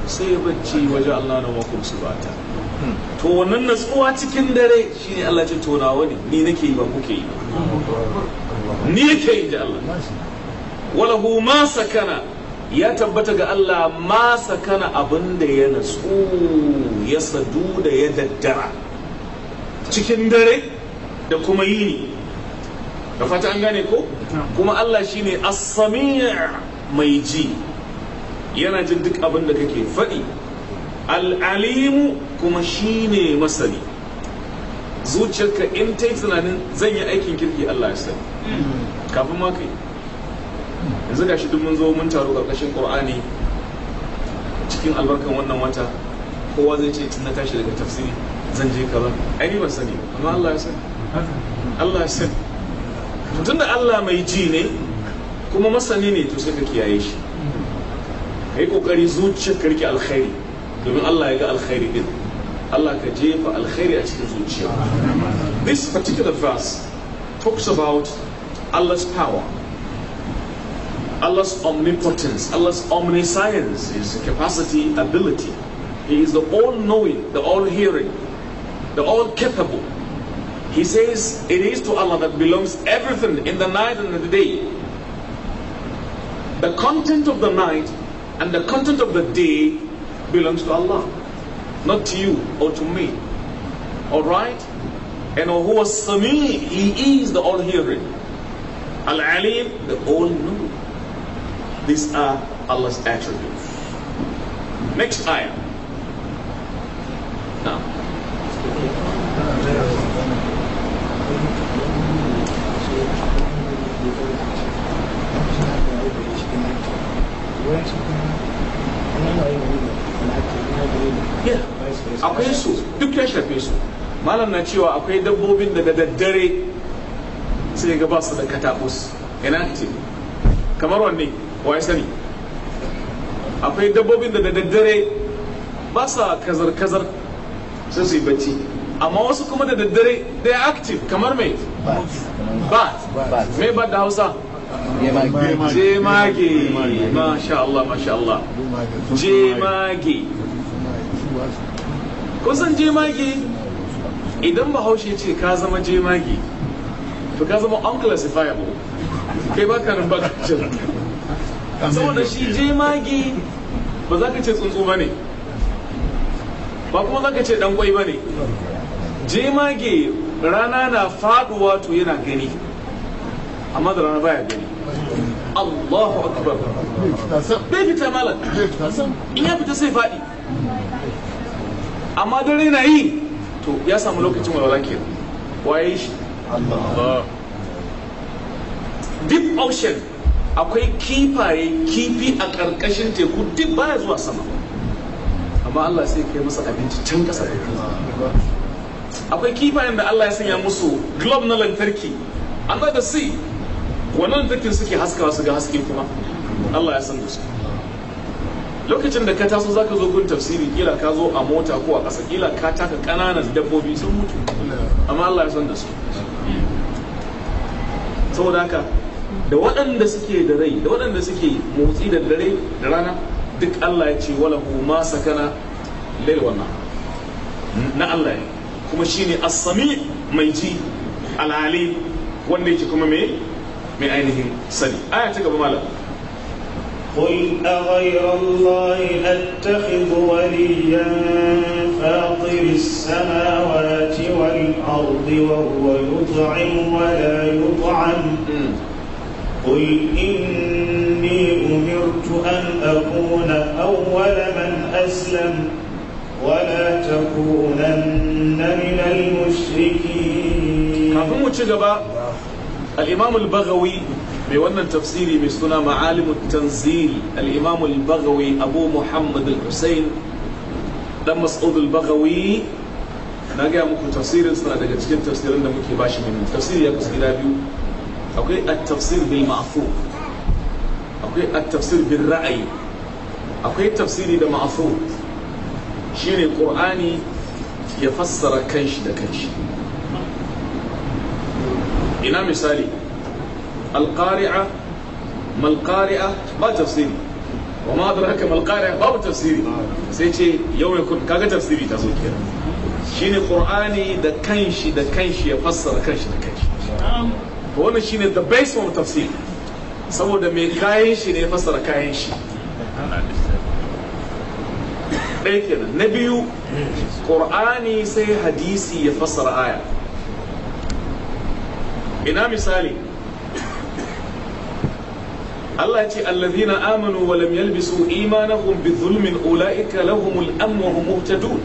sai ya bacci waje Allah na makon su bata to wannan natsuwa cikin dare shine Allah ce tona wani ni nake yi ba kuke yi ni yake yi da Allah walahu ma sakana ya tabbata ga Allah ma sakana abin da ya natsu ya sadu da ya daddara cikin dare da kuma yini da fata an gane ko kuma Allah shine as mai ji yana jin duk abin da kake faɗi al'alimu kuma kuma shine masani zuciyarka in ta yi tunanin zan yi aikin kirki Allah ya sani kafin ma kai yanzu gashi duk mun zo mun taro karkashin Qur'ani cikin albarkan wannan wata kowa zai ce tun na tashi daga tafsiri zan je kaza ai ban sani amma Allah ya sani Allah tun da Allah mai ji ne kuma masani ne to sai ka kiyaye shi ka yi kokari zuciyar ka rike alkhairi domin Allah ya ga alkhairi din Allah ka jefa alkhairi a cikin zuciya this particular verse talks about Allah's power Allah's omnipotence, Allah's omniscience, His capacity, ability. He is the all knowing, the all hearing, the all capable. He says, it is to Allah that belongs everything in the night and the day. The content of the night and the content of the day belongs to Allah, not to you or to me. Alright? And who was Sami, He is the all hearing. Al Alim, the all knowing. These are Allah's attributes. Next ayah. akwai su duk ya shafe su malam na cewa akwai dabbobin da da daddare sai ga ba su da ina ce kamar wanne wa sani akwai dabbobin da da daddare ba sa kazar-kazar sai su yi bacci amma wasu kuma da daddare they active kamar mai bat mai bat da hausa jemage masha Allah masha Allah jemage kusan jemage idan bahaushe ce ka zama jemage to ka zama unclassifiable kai ba ka rumba kacin saboda shi jemage ba za ka ce tsuntsu ba ne ba kuma za ka ce dan kwai ba ne jemage rana na faɗuwa to yana gani amma da rana baya gani Allahu akbar bai fita malam in ya fita sai faɗi amma dare na yi to ya samu lokacin walwala ke waye shi deep ocean akwai kifaye kifi a ƙarƙashin teku duk baya zuwa sama amma Allah sai kai masa abinci can ƙasa akwai kifayen da Allah ya sanya musu globe na lantarki under the sea wannan zikin suke haskawa su ga haske kuma Allah ya san da su lokacin da ka taso za ka zo gun tafsiri kila ka zo a mota ko a ƙasa kila ka taka ƙananan dabbobi sun mutu amma Allah ya san da su saboda haka da waɗanda suke da rai da waɗanda suke motsi da dare da rana duk Allah ya ce wala hu ma sakana lail wannan na Allah kuma shine as-sami mai ji al-alim wanda yake kuma me من ainihin sani آية تقبل مالا قل أغير الله أتخذ وليا فاطر السماوات والأرض وهو يطعم ولا يطعم قل إني أمرت أن أكون أول من أسلم ولا تكونن من المشركين. al-imam al mai wannan tafsiri mai suna ma'alimut tanzil al-imam al abu muhammad husayn dan mas'ud al-baghawi na gaya muku tafsirin suna daga cikin tafsirin da muke bashi mai tafsiri ya kusa gida biyu akwai at-tafsir bin ma'fu akwai tafsir bil ra'ayi akwai tafsiri da ma'fu shine qur'ani ya fassara kanshi da kanshi ina misali alƙari'a malƙari'a ba tafsiri wa ma adraka malƙari'a babu tafsiri sai ce yau ya kun kaga tafsiri ta zo kenan shine qur'ani da kanshi da kanshi ya fassara kanshi da kanshi to wannan shine the base of tafsir saboda mai kayan shi ne ya fassara kayan shi ɗaya kenan na biyu qur'ani sai hadisi ya fassara aya ina misali Allah ya ce allazina amanu wa lam yalbisu imanahum bi dhulmin ulaika lahumul amn wa hum muhtadun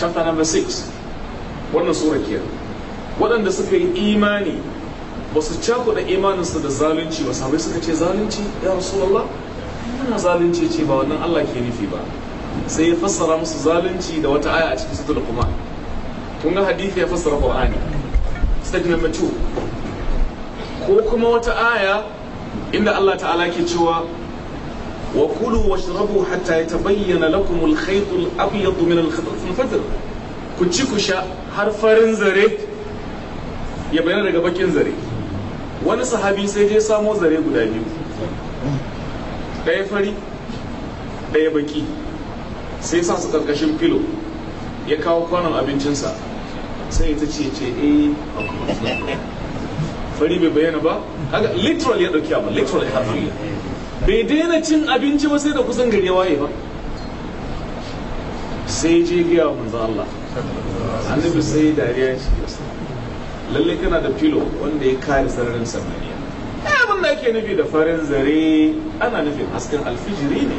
chapter number 6 wannan sura kenan waɗanda suka yi imani ba su cakuɗa imaninsu da zalunci ba sabai suka ce zalunci ya rasulullah muna zalunci ce ba wannan Allah ke nufi ba sai ya fassara musu zalunci da wata aya a cikin sutul kuma kun ga hadisi ya fassara qur'ani stage number two ko kuma wata aya inda Allah ta'ala ke cewa wa kulu washrabu hatta yatabayyana lakum al-khayt al-abyad min al-khayt ku ci ku sha har farin zare ya bayyana daga bakin zare wani sahabi sai je samo zare guda biyu ɗaya fari ɗaya baki sai sa su karkashin filo ya kawo kwanon abincinsa sai ta ce ce eh fari bai bayyana ba haka literal ya dauki abu literal harfiya bai daina cin abinci ba sai da kusan gari ya waye ba sai je gaya wa manzo Allah annabi sai dariya shi lalle kana da filo wanda ya kare sararin samaniya Eh abin da ake nufi da farin zare ana nufin hasken alfijiri ne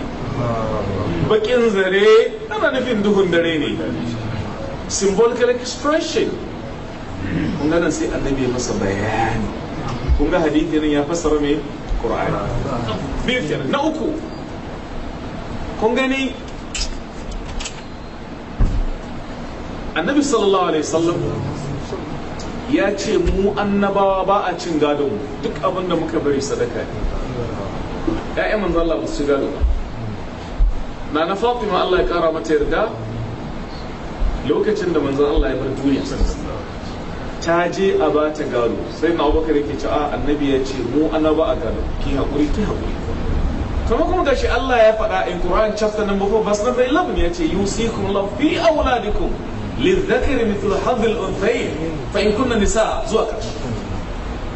bakin zare ana nufin duhun dare ne symbolical expression kun ga nan sai annabi masa bayani kun ga hadithi nan ya fassara me qur'ani biyu kenan na uku kun gani annabi sallallahu alaihi sallam ya ce mu annabawa ba a cin gadon duk abinda muka bari sadaka ne ya'yan manzo Allah ba su gado ba na na Fatima Allah ya kara mata yarda lokacin da manzon Allah ya bar duniya ta je a ba ta gado sai na abubakar yake ce a annabi ya ce mu annaba a gado ki haƙuri ki haƙuri. kuma kuma gashi Allah ya faɗa in Quran chapter number 4 verse number 11 ya ce yusikum Allah fi auladikum للذكر مثل حظ الأنثيين فإن كنا نساء zuwa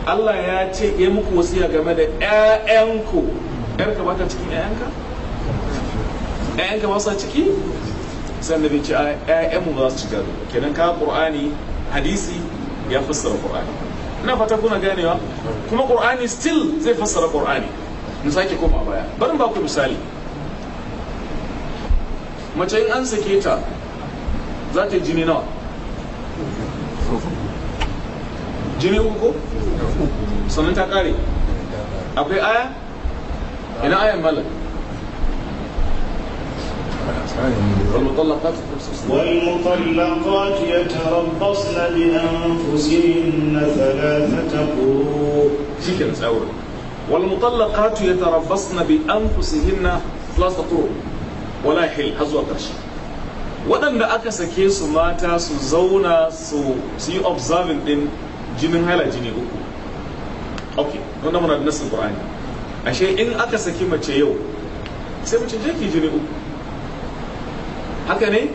Allah ya ce ya muku wasiya game da ‘ya'yanku, ‘yarka ba ta cikin ƴaƴanka. ƴaƴanka ba sa ciki? sannan bai ce ƴaƴanmu ba za su kenan ka qur'ani hadisi ya fassara qur'ani ina fata kuna ganewa kuma qur'ani still zai fassara qur'ani mu sake koma baya barin ba ku misali mace in an sake ta za ta yi jini nawa jini ko sannan ta kare akwai aya ina ayan malam والمطلقات والمطلقات يتربصن بأنفسهن ثلاثة قروء سيكنس أول والمطلقات يتربصن بأنفسهن ثلاثة قروء ولا يحل هزوا قرش waɗanda aka sake su mata su zauna su yi observing ɗin jinin hala jini uku ok wanda muna da nasin ƙur'ani ashe in aka saki mace yau sai mace jaki jini uku haka ne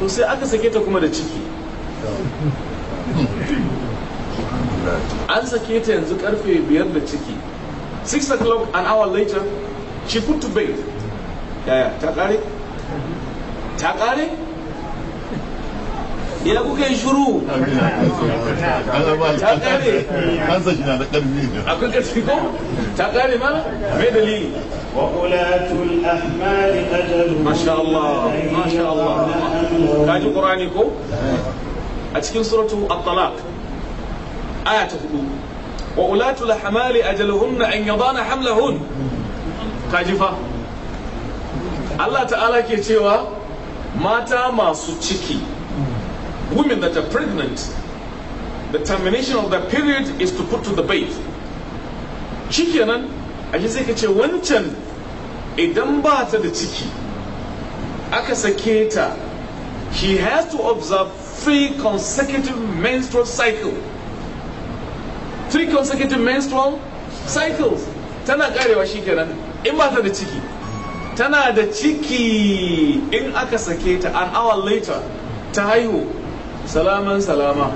to sai aka sake ta kuma da ciki an sake ta yanzu karfe biyar da ciki 6 o'clock an hour later she put to bed yaya ta kare ta kare ya kuke shuru ta kare akwai karfi ko ta kare ma mai dalili wakulatul ahmari ajalu mashallah mashallah kaji qur'ani ko a cikin suratu at-talaq aya ta hudu wa ulatu lahamali ajaluhunna an yadana hamlahun kaji fa Allah ta'ala ke cewa mata masu ciki women that are pregnant, the termination of the period is to put to the bait. Shikenan, a shi sai ka ce wancan idan ba ta da ciki aka sake ta, she has to observe three consecutive menstrual cycle. Three consecutive menstrual cycles. Tana karewa shi shikenan in ba ta da ciki. Tana da ciki in aka sake ta an hour later ta haihu salaman salama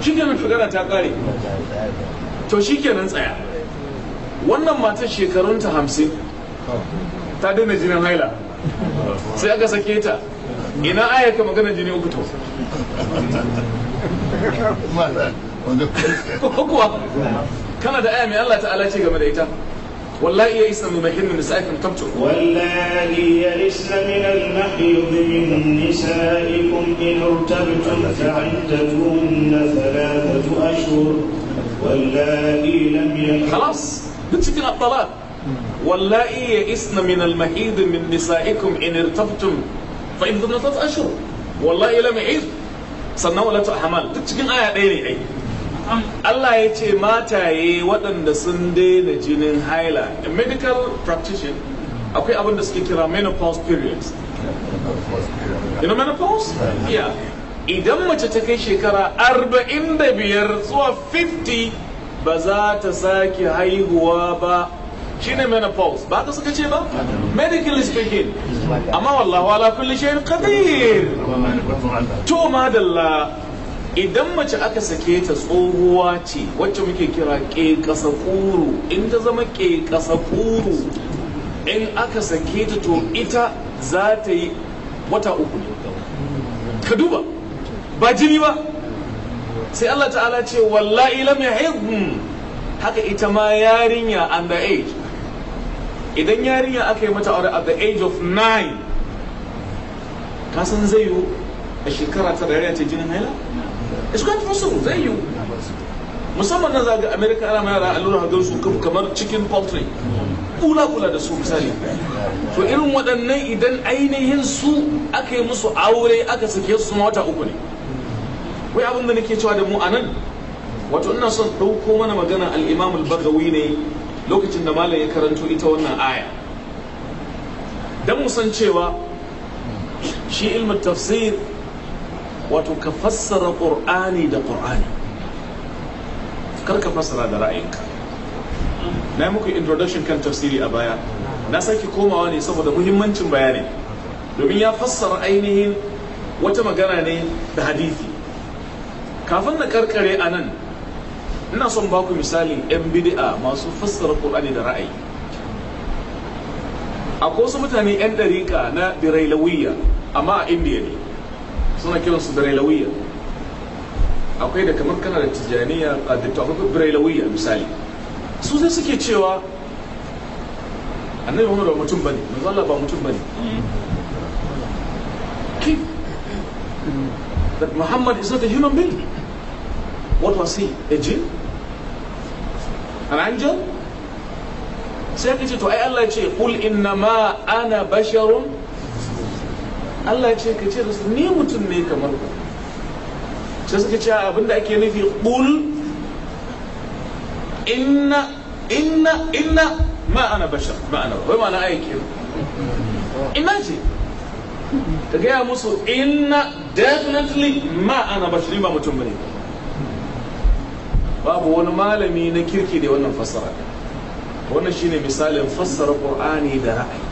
shikenan magana ta kare to shi shikenan tsaya wannan matar shekarunta hamsin ta daina jinin haila sai aka sake ta ina ayyaka magana jini uku to kuwa kana da aya Allah ta'ala ce game da ita واللائي يئسن من المحيض من نسائكم تمتعون واللائي يئسن من المحيض من نسائكم إن ارتبتم فعدتهن ثلاثة أشهر واللائي لم يحض خلاص نتشكل الطلاق واللائي يئسن من المحيض من نسائكم إن ارتبتم فعدتهن ثلاثة أشهر واللائي لم يحيض sannan ولا ta hamal duk cikin aya Allah ya ce mataye waɗanda sun daina jinin haila a medical practitioner akwai abin da suke kira menopause period. you know menopause yeah idan mace ta kai shekara 45 zuwa 50 ba za ta sake haihuwa ba shine menopause ba ka suka ce ba medically speaking amma wallahu ala kulli shay'in qadir to madalla idan mace aka sake ta tsohuwa ce wacce muke kira ke ƙasa kuru in ta zama ke ƙasa kuru in aka sake ta to ita za ta yi wata uku ne ka duba ba jini ba sai Allah ta'ala ce wallahi lam yahidhum haka ita ma yarinya under age idan yarinya aka yi mata aure at the age of 9 ka san zai yiwu a shekara ta da yarinya ce jinin haila it's quite zai yiwu musamman na zaga america ana yara allura hagan su kamar cikin poultry kula-kula da su misali to irin waɗannan idan ainihin su aka yi musu aure aka sake su wata uku ne wai abin da nake cewa da mu a nan wato ina son ɗauko mana magana al'imam al-bagawi ne lokacin da malam ya karanto ita wannan aya don mu san cewa shi ilmin tafsir wato ka fassara ƙur'ani da ƙur'ani kar ka fassara da ra'ayinka na muku introduction kan tafsiri a baya na sake komawa ne saboda muhimmancin bayani domin ya fassara ainihin wata magana ne da hadithi kafin na karkare a nan ina son baku misalin 'yan bid'a masu fassara ƙur'ani da ra'ayi akwai wasu mutane 'yan ɗarika na birailawiyya amma a indiya ne suna kiransu brailawiya akwai da kamar kana da tijjaniya a da akwai misali su sai suke cewa annabi muhammad ba mutum bane manzo Allah ba mutum bane keep that muhammad is not a human being what was he a jinn an angel sai ka ce to ai Allah ya ce qul innama ana basharun Allah ya ce ka ce su ni mutum ne kamar ku sai suka ce da ake nufi ƙul inna inna inna ma ana bashar ma ana wai ma'ana aiki inna ce ta gaya musu inna definitely ma ana bashar ba mutum bane babu wani malami na kirki da wannan fassara wannan shine misalin fassara qur'ani da ra'ayi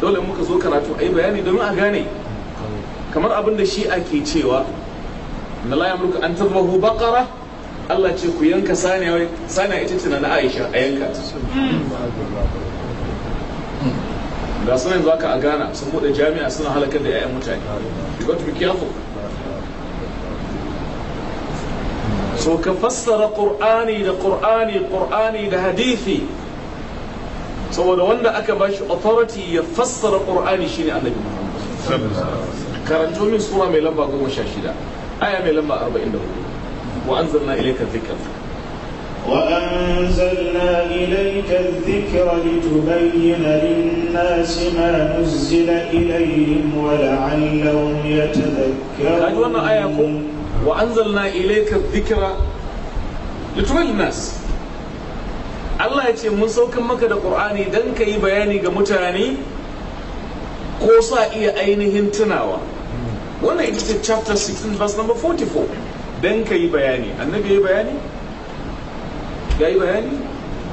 dole muka zo karatu a bayani domin a gane kamar abin da shi ake cewa na la yamluku an tadbahu baqara Allah ce ku yanka saniya saniya ita ce na Aisha a yanka da sun yanzu aka a Ghana sun bude jami'a suna halakar da 'ya'yan mutane you got to be careful so ka fassara qur'ani da qur'ani qur'ani da hadisi saboda wanda aka ba shi authority ya fassara qur'ani shine annabi muhammad karanto min sura mai lamba goma sha shida aya mai lamba arba'in da hudu wa anzalna ilayka dhikra وأنزلنا إليك الذكر لتبين للناس ما نزل إليهم ولعلهم يتذكرون وأنزلنا إليك الذكر لتبين للناس Allah ya ce mun saukan maka da ƙur'ani don ka yi bayani ga mutane ko sa iya ainihin tunawa wannan ita ce chapter 16 verse number 44 don ka yi bayani annabi ya yi bayani ya yi bayani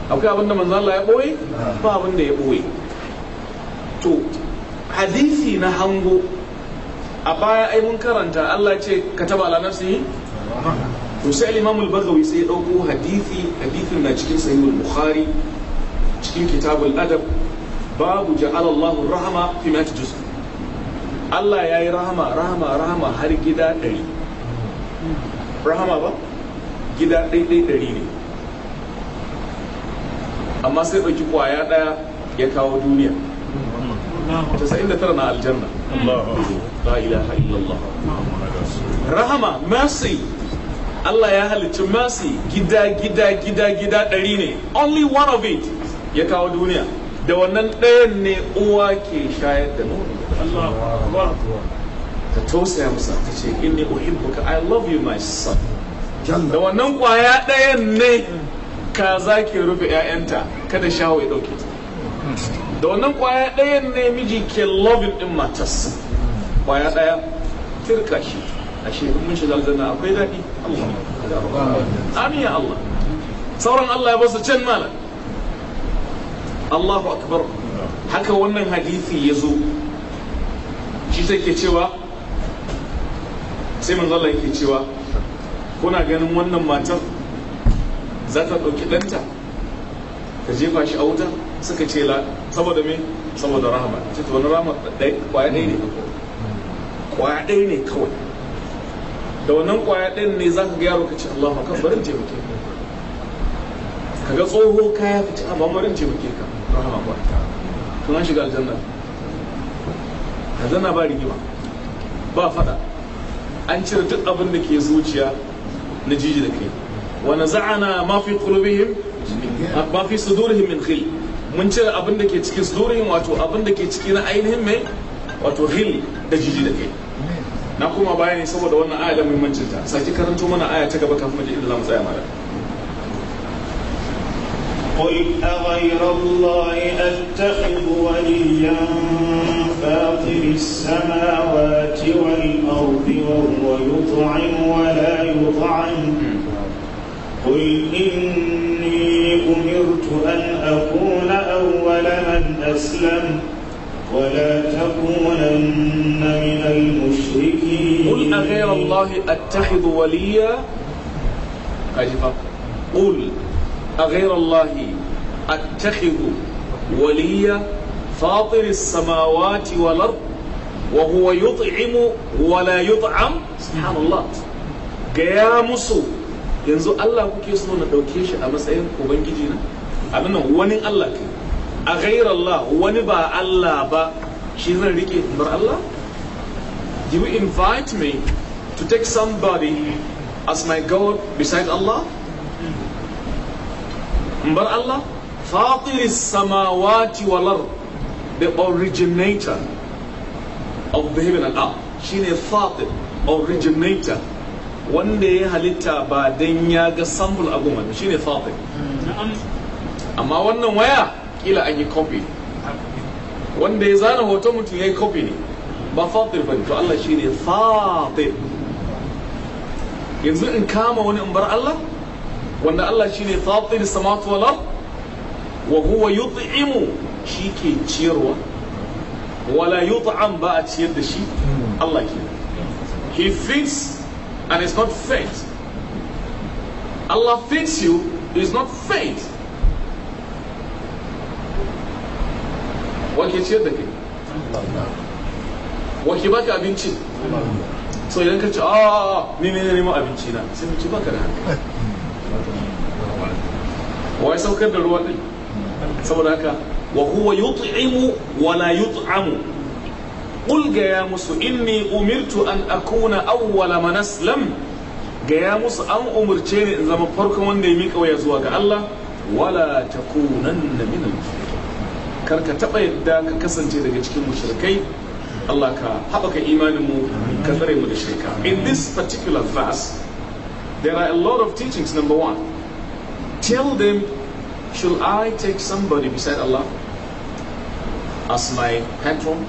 akwai abin da manzan Allah ya ɓoye ba abin da ya ɓoye to hadisi na hango a baya ai mun karanta Allah ce ka taba ala nafsihi to sai al-imam al-baghawi sai ya dauko hadisi hadisin na cikin sahih al-bukhari cikin kitab al-adab babu ja'ala Allahu rahama fi ma tajuz Allah yayi rahama rahama rahama har gida 100 rahama ba gida ɗaiɗai ɗari ne amma sai ɗauki ƙwaya ɗaya ya kawo duniya 99 na aljanna la ilaha illallah rahama mercy Allah ya halicci mercy gida gida gida gida ɗari ne only one of it ya kawo duniya da wannan ɗayan ne uwa ke shayar da nono ta tausaya masa ta ce inni uhibbuka I love you my son da wannan kwaya ɗayan ne kaza ke rufe 'ya'yanta kada shawo ya ɗauke ta da wannan kwaya ɗayan ne miji ke loving ɗin matarsa kwaya ɗaya tirka shi ashe in mun shiga aljanna akwai daɗi amin ya Allah sauran Allah ya basu can malam Allahu akbar haka wannan hadithi ya zo shi ke cewa sai mun Allah yake cewa kuna ganin wannan matar za ta ɗauki ɗanta ta jefa shi a wuta suka ce la saboda me saboda rahama ce wani rahama ɗaya ɗaya ne kwaya mm. ɗaya ne kawai da wannan kwaya ɗin ne za ka gaya yaro ka ce Allahu akbar barin je muke ka ga tsoho kaya fi fita amma barin je muke ka rahama ba kun an shiga aljanna aljanna ba rigima ba fada an cire duk abin da ke zuciya na jiji da kai wani naza'ana ma fi qulubihim ma fi sudurihim min khil mun cire abin da ke cikin sudurihim wato abin da ke ciki na ainihin mai wato hil da jiji da kai na kuma bayani saboda wannan aya da muhimmancin ta saki karanto mana aya ta gaba kafin mu je inda zamu tsaya mara قل أغير الله أتخذ وليا فاطر السماوات والأرض وهو يطعم ولا يطعم قل إني أمرت أن أكون أول من أسلم ولا تكونن من المشركين قل أغير الله أتخذ وليا قل أغير الله أتخذ وليا فاطر السماوات والأرض وهو يطعم ولا يطعم سبحان الله قيامس ينزو الله كي kuke so na ɗauke shi a أنا ubangiji الله كي a ghairallah wani ba Allah ba shi zan rike bar Allah do you invite me to take somebody as my God beside Allah bar Allah fatir samawati walar the originator of the heaven and earth shine fatir originator wanda ya halitta ba dan ya ga sample abun wani shine fatir amma wannan waya kila an yi copy wanda ya zana hoton mutum ya yi copy ne ba fatir ba to Allah shi ne fatir yanzu in kama wani in bar Allah wanda Allah shi ne fatir samatu wal ard wa huwa yut'imu shi ke ciyarwa wala yut'am ba a ciyar da shi Allah ke he feeds and is not fed Allah feeds you is not fed wake ciyar da kai wake baka abinci so idan ka ce a ah, ni ne neman abinci na sai mu ci baka da haka wai saukar da ruwa din saboda haka wa huwa yut'imu wa la yut'amu qul ga ya musu inni umirtu an akuna awwala man aslam ga ya musu an umurce ni in zama farkon wanda ya miƙa waya zuwa ga Allah wala takunanna minal kar ka taɓa yadda ka kasance daga cikin mushrikai Allah ka haɓaka imaninmu ka tsare mu da shirka in this particular verse there are a lot of teachings number one tell them shall I take somebody beside Allah as my patron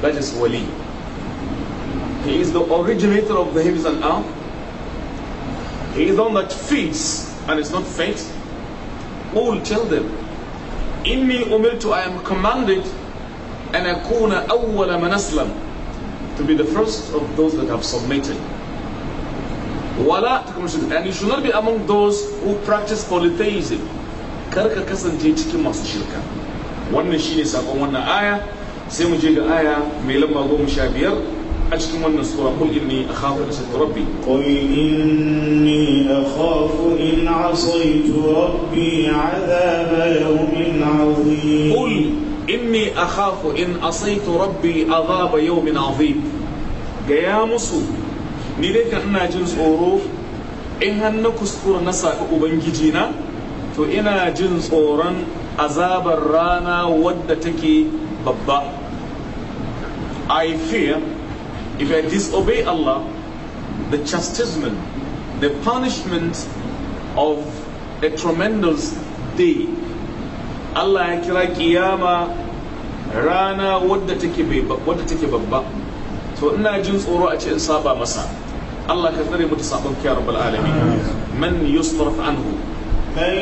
that is wali he is the originator of the heavens and earth he is on that feast and is not fed all tell them إني umiltu I am commanded أن أكون أول من أسلم to be the first of those that have submitted and you should not be among those who practice polytheism kar ka kasance cikin masu shirka wannan shine sakon wannan aya sai mu je ga aya mai lamba goma a cikin wannan sura kul inni akhafu in asaytu rabbi qul inni akhafu in asaytu rabbi adhab yawmin adhim qul inni akhafu in asaytu rabbi adhab yawmin adhim ga ya musu ni dai kan ina jin tsoro in har na kuskura na saka ubangiji na to ina jin tsoron azabar rana wadda take babba i fear If I disobey Allah, the chastisement, the punishment of a tremendous day. Allah ya kira kiyama rana wadda take wadda take babba. To ina jin tsoro a ce in saba masa. Allah ka tsare mu ta sabon kiyar rabbal alamin. Man yusraf anhu من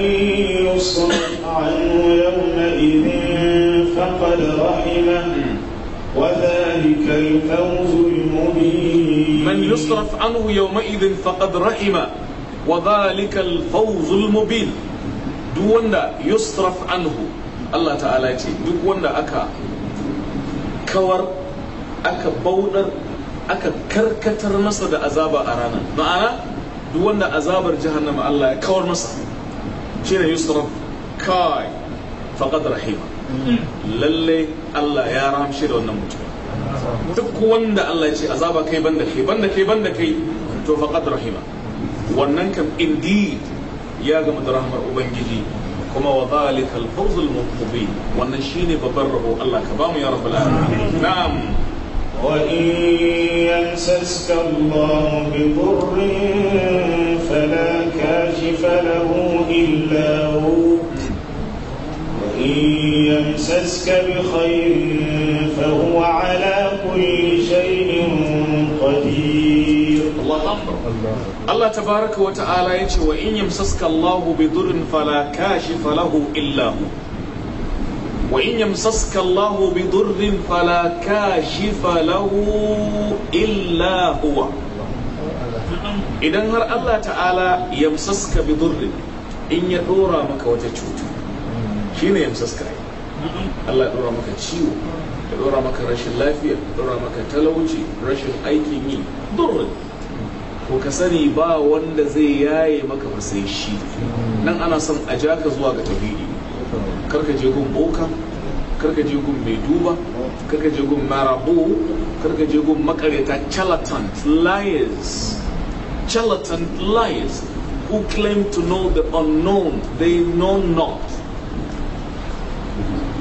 يصرف عنه يومئذ فقد رحمه وذلك الفوز المبين من يصرف عنه يومئذ فقد رحم وذلك الفوز المبين دون يصرف عنه الله تعالى يتي دون أكا كور أكا بودر أكا كركتر مسا أزابا أرانا معنا دون أزابر جهنم الله كور مسا شين يصرف كاي فقد رحمه lallai Allah ya ramshe da wannan mutum duk wanda Allah ya ce azaba kai banda kai banda kai banda kai to faqad rahima wannan kam indi ya gama da rahmar ubangiji kuma wa zalika al-fawz al-mubin wannan shine babbar rabo Allah ka bamu ya rabbal alamin na'am wa in yansaska Allah bi dhurrin fala kashifa lahu illa huwa إن يمسسك بخير فهو على كل شيء قدير الله أكبر الله تبارك وتعالى يتي وإن يمسسك الله بضر فلا كاشف له إلا هو وإن يمسسك الله بضر فلا كاشف له إلا هو إذا هر الله تعالى يمسسك بضر إن يدور مك وتشوتك shi ne sky? Allah ɗora maka ciwo ya ɗora maka rashin lafiya ya ɗora maka talauci rashin aikin yi durin ko ka sani ba wanda zai yaye maka ba sai shi nan ana son a ja ka zuwa ga tabi'i karka je gun boka karka je gun mai duba karka je gun marabo karka je gun makareta charlatan liars charlatan liars who claim to know the unknown they know not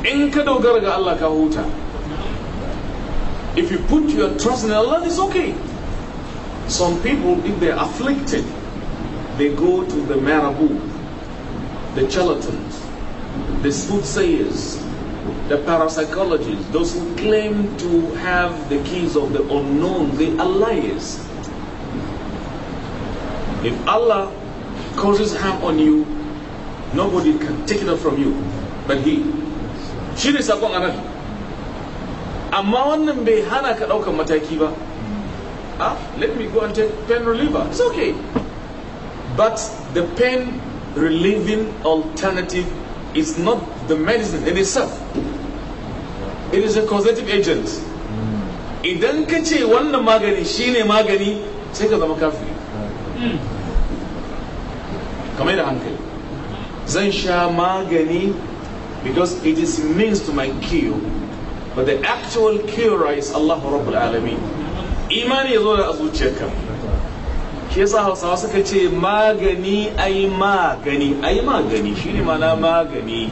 in ka dogara ga Allah ka huta if you put your trust in Allah it's okay some people if they're afflicted they go to the marabu the charlatans the soothsayers the parapsychologists those who claim to have the keys of the unknown they are liars if Allah causes harm on you nobody can take it from you but he shi ne sakon a nan amma wannan bai hana ka ɗaukan mataki ba ah let me go and take pain reliever it's okay but the pain relieving alternative is not the medicine in itself it is a causative agent idan ka ce wannan magani shine magani sai ka zama kafiri kamar da hankali zan sha magani because it is means to my cure but the actual cure is Allah rabbul Alameen. imani yazo da zuciyarka shi yasa Hausawa suka ce magani ai magani ai magani ne mana magani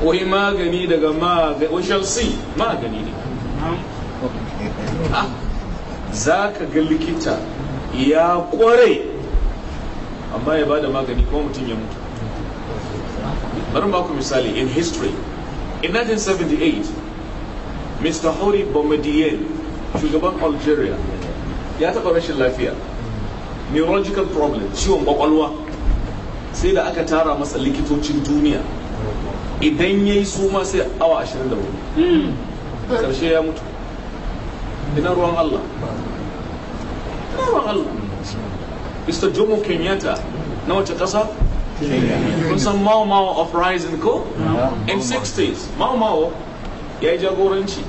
wai magani daga magani we shall see magani ne ah, za ka ga likita ya kware amma ya bada magani kuma mutum ya mutu bari ba ku misali in history in 1978 mr hori bomadien shugaban algeria ya taɓa rashin lafiya neurological problem ciwon kwakwalwa sai da aka tara masa likitocin duniya idan ya yi suma sai awa 24 karshe ya mutu ina ruwan allah ina ruwan allah mr jomo kenyatta na wace ƙasa kun san Mao Mao of rising ko? in 60s Mao Mao ya yi jagoranci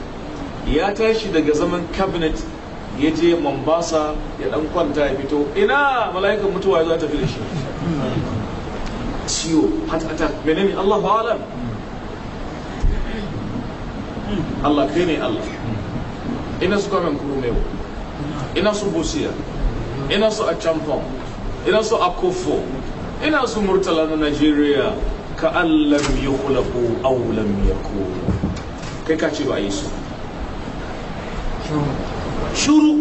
ya tashi daga zaman cabinet ya je Mombasa ya dan kwanta ya fito ina mala'ikan mutuwa ya ta da shi ciwo heart attack menene Allah ba'alam Allah kai ne Allah ina su kwamen kurumewa ina su busiya ina su a champon ina su a kofo ina su murtala na najeriya ka an lam yi kulaku aw lam kai ka ce ba yi su shuru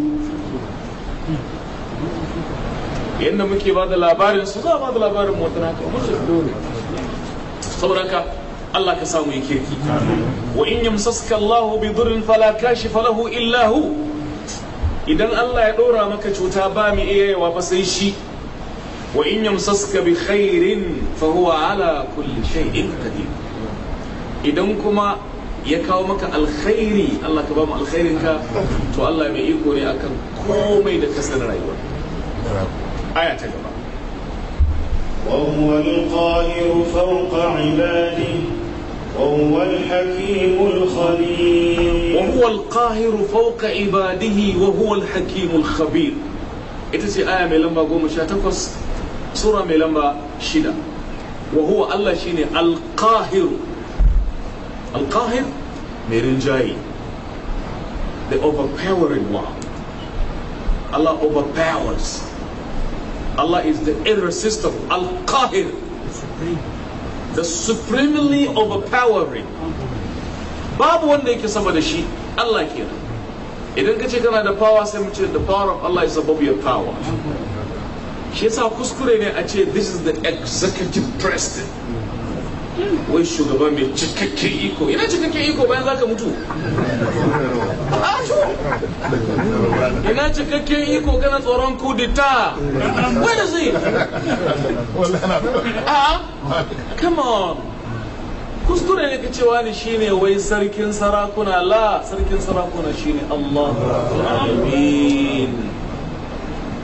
yadda muke ba da labarin su za ba da labarin motana ka musu sauraka Allah ka samu yi kirki wa in yamsaska Allah bi dhurrin fala kashifa falahu illa idan Allah ya ɗora maka cuta ba mu iya yawa fa sai shi wa in yamsaska bi khairin fa huwa ala kulli shay'in qadir idan kuma ya kawo maka alkhairi Allah ka ba mu alkhairin ka to Allah mai iko ne akan komai da kasar rayuwa aya ta gaba وهو القاهر فوق عباده وهو الحكيم الخبير وهو القاهر فوق عباده وهو الحكيم الخبير ita ce aya mai lamba goma sha takwas sura mai lamba shida wa huwa Allah shine al-qahir al mai rinjaye the overpowering one Allah overpowers Allah is the irresistible al the supremely overpowering babu wanda yake sama da shi Allah kenan idan ka ce kana da power sai mu ce the power of Allah is above your power shi yasa kuskure ne a ce this is the executive president wai shugaba mai cikakken iko yana cikakken iko bayan zaka mutu yana ah, cikakken iko kana tsoron kudita where is he ah come on kuskure ne ka cewa ne shine wai sarkin sarakuna la sarkin sarakuna shine Allah amin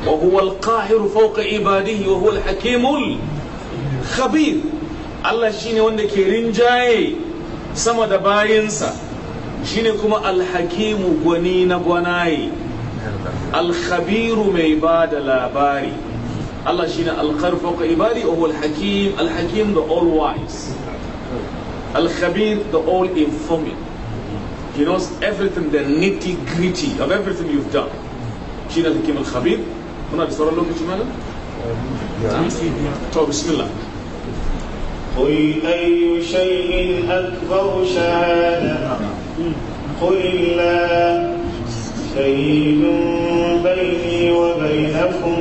وهو القاهر فوق عباده وهو الحكيم الخبير Allah shine wanda ke rinjaye sama da bayinsa shine kuma alhakimu gwani na gwanaye alkhabiru mai ba da labari Allah shine alkharfaka ibadi wa alhakim alhakim the all wise alkhabir the all informing he knows everything the nitty gritty of everything you've done shine alhakim alkhabir muna da sauran lokaci mana? to bismillah قل أي شيء أكبر شهادة قل الله شهيد بيني وبينكم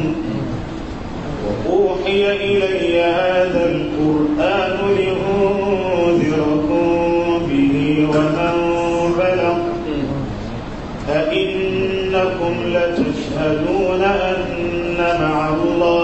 وأوحي إلي هذا القرآن لي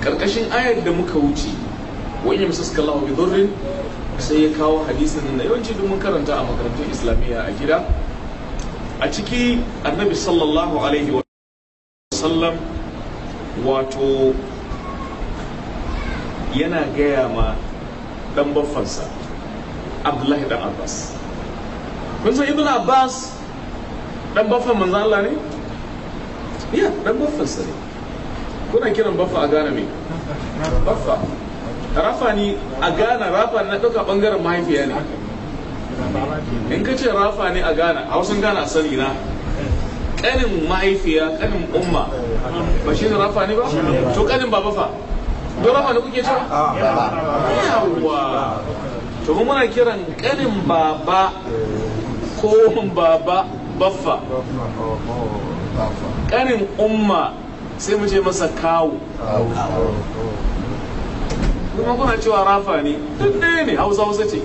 karkashin ayar da muka wuce wani in yamsaska Allahu bi sai ya kawo hadisun da yawanci duk mun karanta a makarantun islamiyya a gida a ciki annabi sallallahu alaihi wa sallam wato yana gaya ma dan baffansa abdullahi dan abbas kun san ibn abbas dan baffan manzo Allah ne ya dan baffansa ne kuna kiran baffa a gane me baffa rafa ni a gana rafa na ɗauka ɓangaren mahaifiya ne in ka ce rafa ne a gana a wasu gana sani na ƙanin mahaifiya ƙanin umma ba shi ne rafa ne ba to ƙanin ba baffa don rafa ne kuke cewa yawa to muna kiran ƙanin baba ko baba baffa oh, oh, ƙanin umma sai mu ce masa kawo kuma kuna cewa rafa ne duk ɗaya ne hausa hausa ce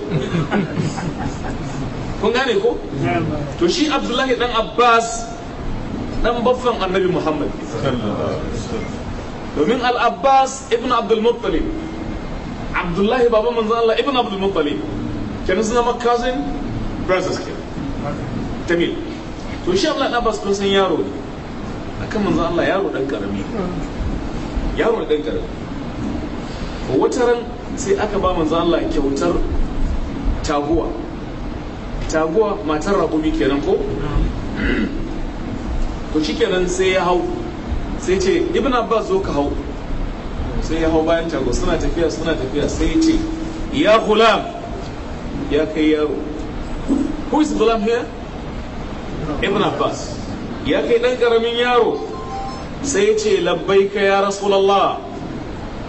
kun gane ko to shi abdullahi dan abbas dan baffan annabi muhammad domin al-abbas ibn abdul abdullahi baban manzon allah ibn abdul muttalib kenan sun zama cousin brothers kenan tamil to shi abdullahi dan abbas kun san yaro ne akan manzo Allah yaro dan karami yaro dan karami wata ran sai aka ba manzo Allah kyautar taguwa taguwa matar raƙumi kenan ko to shikenan sai ya hau sai ce ibn abbas zo ka hau sai ya hau bayan tago suna tafiya suna tafiya sai ya ce ya gulam ya kai yaro who is gulam here ibn abbas ya kai ɗan ƙaramin yaro sai ya ce labbai ka ya rasulallah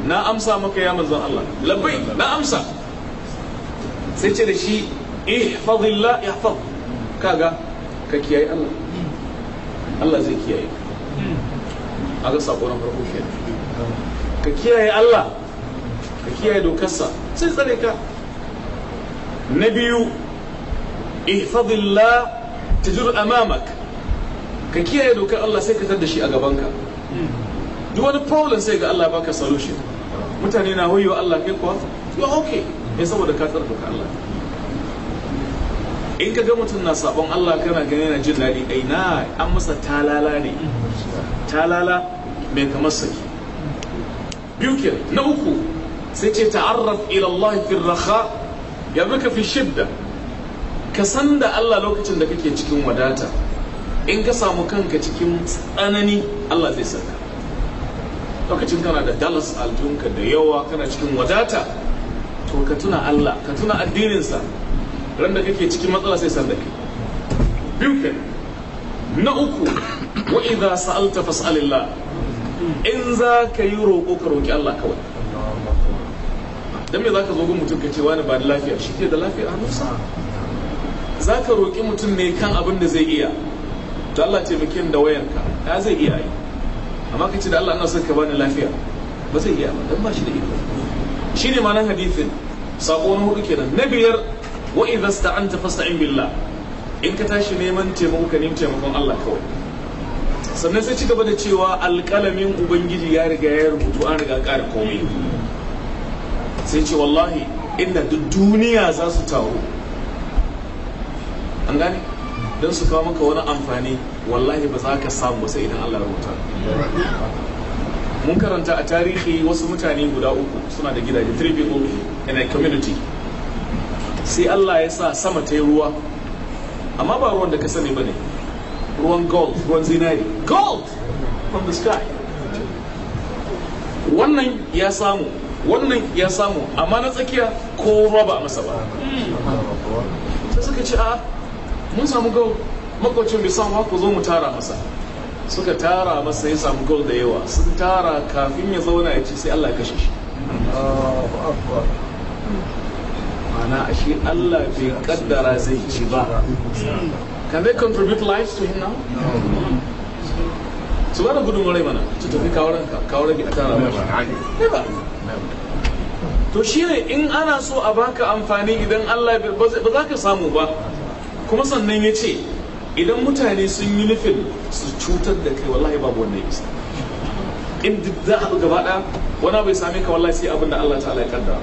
na amsa maka ya manzan Allah labbai na amsa sai ce da shi ihfazillah ihfaz kaga ka kiyaye Allah Allah zai kiyaye a ga sako na farko kenan ka kiyaye Allah ka kiyaye dokarsa sai tsare ka na biyu ihfazillah tajur amamak ka kiyaye dokar Allah sai ka tar da shi a gabanka duk wani problem sai ga Allah baka solution mutane na hoyo Allah kai kuwa you okay ne saboda ka tsara dokar Allah in ka ga mutum na sabon Allah kana gani yana jin daɗi ai na an masa talala ne talala mai kamar saki biyu ke na uku sai ce ta'arraf ila Allah fi raha ya fi shidda ka san da Allah lokacin da kake cikin wadata in ka samu kanka cikin tsanani Allah zai saka lokacin kana da Dallas aljunka da yawa kana cikin wadata to ka tuna Allah ka tuna addininsa ran da kake cikin matsala sai san da kai biyu ke na uku wa idza sa'alta fas'alillah in za ka yi roƙo ka roƙi Allah kawai dan me za ka zo gun mutum ka ce wani ba da lafiya shi ke da lafiya a nufsa? za ka roƙi mutum ne kan abin da zai iya to Allah ce da wayanka ya zai iya yi amma ka ce da Allah annabi sai ka bani lafiya ba zai iya ba dan ba shi da iko shine ma'anar hadithin sako na hudu kenan na biyar wa idza sta'anta fasta'in billah in ka tashi neman taimako ka nemi taimakon Allah kawai sannan sai ci gaba da cewa alƙalamin ubangiji ya riga ya rubutu an riga ƙara komai sai ce wallahi inna duk duniya za su taru an gane don su kawo maka wani amfani wallahi ba za ka samu ba sai idan Allah rubuta mun karanta a tarihi wasu mutane guda uku suna da gidaje three people in a community sai Allah ya sa sama ta yi ruwa amma ba ruwan da ka sani ba ne ruwan gold ruwan zinari gold from the sky wannan ya samu wannan ya samu amma na tsakiya ko ruwa ba masa ba sai suka ce a ah, mun samu gol makocin bai samu ku zo mu tara masa suka tara masa ya samu gol da yawa sun tara kafin ya zauna ya ci sai Allah ya kashe shi mana shi Allah bai kaddara zai ci ba can they contribute lives to him now su ba da gudunmurai mana su tafi kawo bi a tara masa ba to shi ne in ana so a baka amfani idan Allah ba za ka samu ba kuma sannan ya ce idan mutane sun yi nufin su cutar da kai wallahi babu wannan isa in za a gaba ɗaya wani bai same ka wallahi sai abin da Allah ta'ala ya kaddara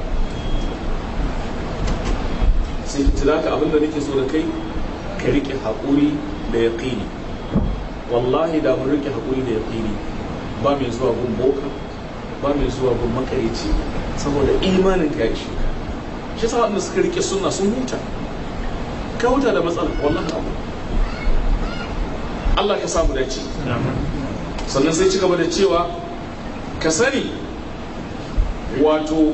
sai ki da ka abin da nake so da kai ka riƙe haƙuri da yaƙini wallahi da mun riƙe haƙuri da yaƙini ba mai zuwa gun boka ba mai zuwa gun makarici saboda imanin ka ya shi ka shi sa waɗanda suka riƙe suna sun huta ka huta da matsala wallahi Allah ka samu dace sannan sai ci gaba da cewa ka sani wato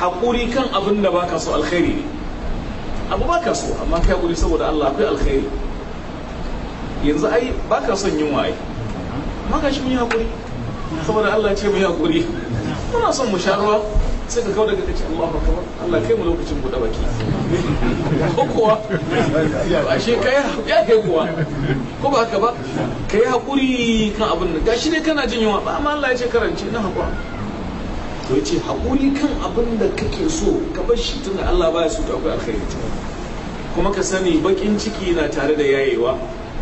haƙuri kan abin da baka so alkhairi ne abu baka so amma kai haƙuri saboda Allah akwai alkhairi yanzu ai baka son yin waye maka shi mun yi haƙuri saboda Allah ce mun yi haƙuri muna son mu sha ruwa sai ka kawo daga kace Allah ba kamar Allah kai mu lokacin buɗe baki ko kuwa ashe kai ya kai kuwa ko ba haka ba kai hakuri kan abin da gashi ne kana jin yunwa ba amma Allah ya ce karance na hakura to ya ce hakuri kan abin da kake so ka bar shi tunda Allah baya so to akwai alkhairi kuma ka sani bakin ciki na tare da yayewa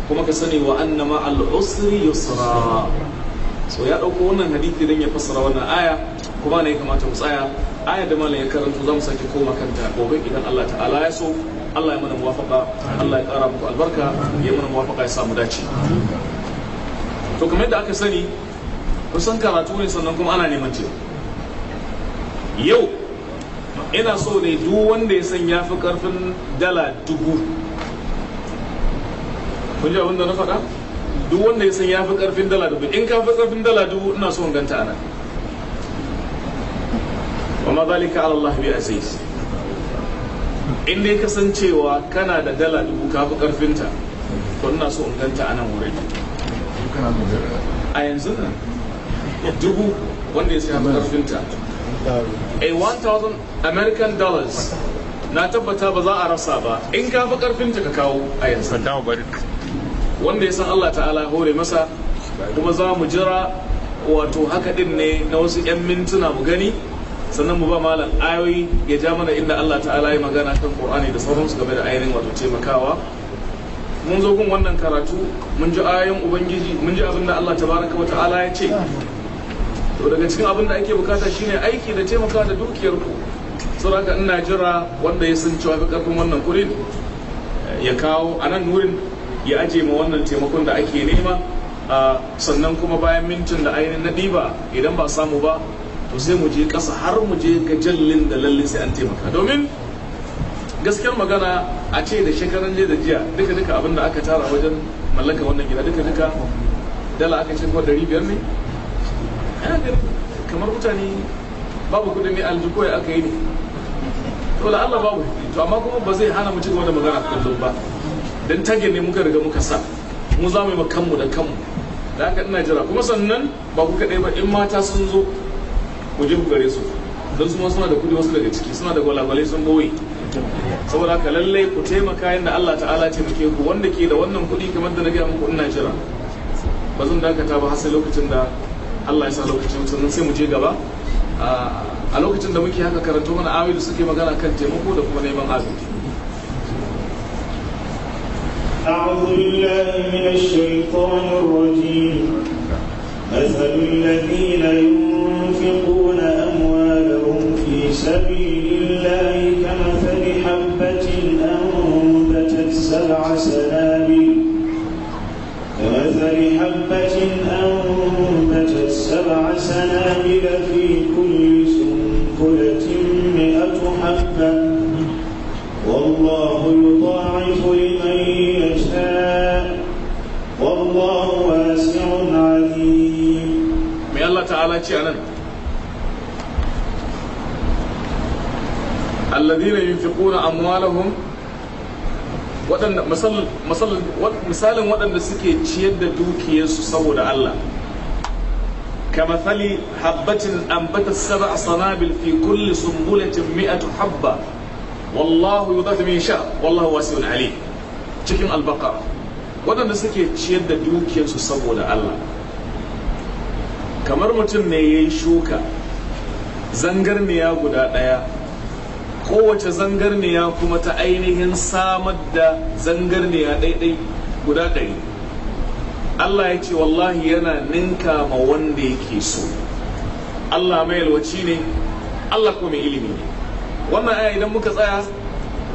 kuma ka sani wa annama al-usri yusra so ya dauko wannan hadisi dan ya fassara wannan aya kuma ne kamata mu tsaya ayar da malam ya karanto za mu sake koma kanta gobe idan Allah ta'ala ya so Allah ya mana muwafaka Allah ya kara muku albarka ya mana muwafaka ya samu dace to kamar yadda aka sani kusan karatu ne sannan kuma ana neman ce yau ina so ne duk wanda ya san ya fi karfin dala dubu kun ji abin da na faɗa duk wanda ya san ya fi karfin dala dubu in ka fi karfin dala dubu ina so in ganta ana ma balika ala Allah bi aziz in dai kasancewa kana da dala dubu ka fi karfinta to ina so in ganta a nan wurin a yanzu nan dubu wanda ya sai fi karfinta a 1000 american dollars na tabbata ba za a rasa ba in ka fi karfinta ka kawo a yanzu wanda ya san Allah ta'ala hore masa kuma za mu jira wato haka din ne na wasu 'yan mintuna mu gani sannan mu ba malam ayoyi ya ja mana inda Allah ta'ala ya magana kan Qur'ani da sauransu game da ainihin wato taimakawa mun zo gun wannan karatu mun ji ayoyin ubangiji mun ji abin da Allah tabaraka wa ta'ala ya ce to daga cikin abin da ake bukata shine aiki da taimaka da dukiyar ku saboda ina jira wanda ya san cewa bi karfin wannan kurin ya kawo a nan wurin ya aje ma wannan taimakon da ake nema ah, sannan kuma bayan mintin da ainihin na ɗiba idan ba samu ba to sai mu je ƙasa har mu je ga jallin da lallin sai an taimaka domin gaskiyar magana a ce da shekaran je da jiya duka duka abin da aka tara wajen mallaka wannan gida duka duka dala aka ce ko ɗari biyar ne kamar mutane babu kuɗi ne koya aka yi ne to da Allah babu to amma kuma ba zai hana mu ci gaba da magana kullum ba dan tage ne muka riga muka sa mu za mu yi kanmu da kanmu da haka ina jira kuma sannan ba ku kaɗai ba in mata sun zo ku je ku gare su don su suna da kudi wasu daga ciki suna da gwalagwale sun boye saboda haka lallai ku taimaka yadda Allah ta'ala taimake ku wanda ke da wannan kudi kamar da na gaya muku ina jira ba zan dakata ba har sai lokacin da Allah ya sa lokacin sannan sai mu je gaba a lokacin da muke haka karanto mana ayoyi da suke magana kan taimako da kuma neman agaji أعوذ بالله من الشيطان الرجيم مثل الذين يؤمنون حبة أنبتت سبع سنابل في كل سنبلة مئة حبة والله يضاعف لمن يشاء والله واسع عليم Mai Allah تعالى ce الذين ينفقون أموالهم misalin waɗanda suke ciyar da dukiyarsu saboda Allah kamathali habbatin ambata saba a sanabil fi kulli sumbulatin mi'atu habba wallahu yudhatu min sha wallahu wasi'un ali cikin albaka waɗanda suke ciyar da dukiyarsu saboda Allah kamar mutum ne yayi shuka zangarniya guda ɗaya kowace zangarniya kuma ta ainihin samar da zangarniya ɗaiɗai guda ɗari Allah ya ce wallahi yana ninka ma wanda yake so Allah mai alwaci ne Allah kuma mai ilimi ne wannan aya idan muka tsaya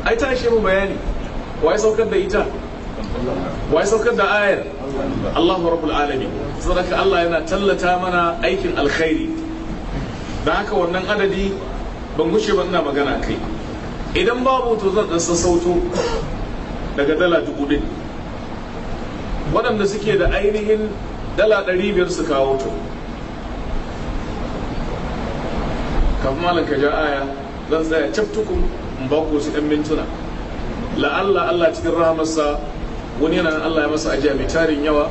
ai ta shi mu bayani wai saukar da ita wai saukar da ayar Allahu rabbul alamin saboda Allah yana tallata mana aikin alkhairi da haka wannan adadi ban gushe ba ina magana kai idan babu to zan dan sassauto daga dala dubu din waɗanda suke da ainihin dala ɗari biyar su kawo to kafin malam ka ja aya zan tsaya cap tukun in ba ku wasu ɗan mintuna la'alla Allah cikin rahamarsa wani yana Allah ya masa ajiya mai tarin yawa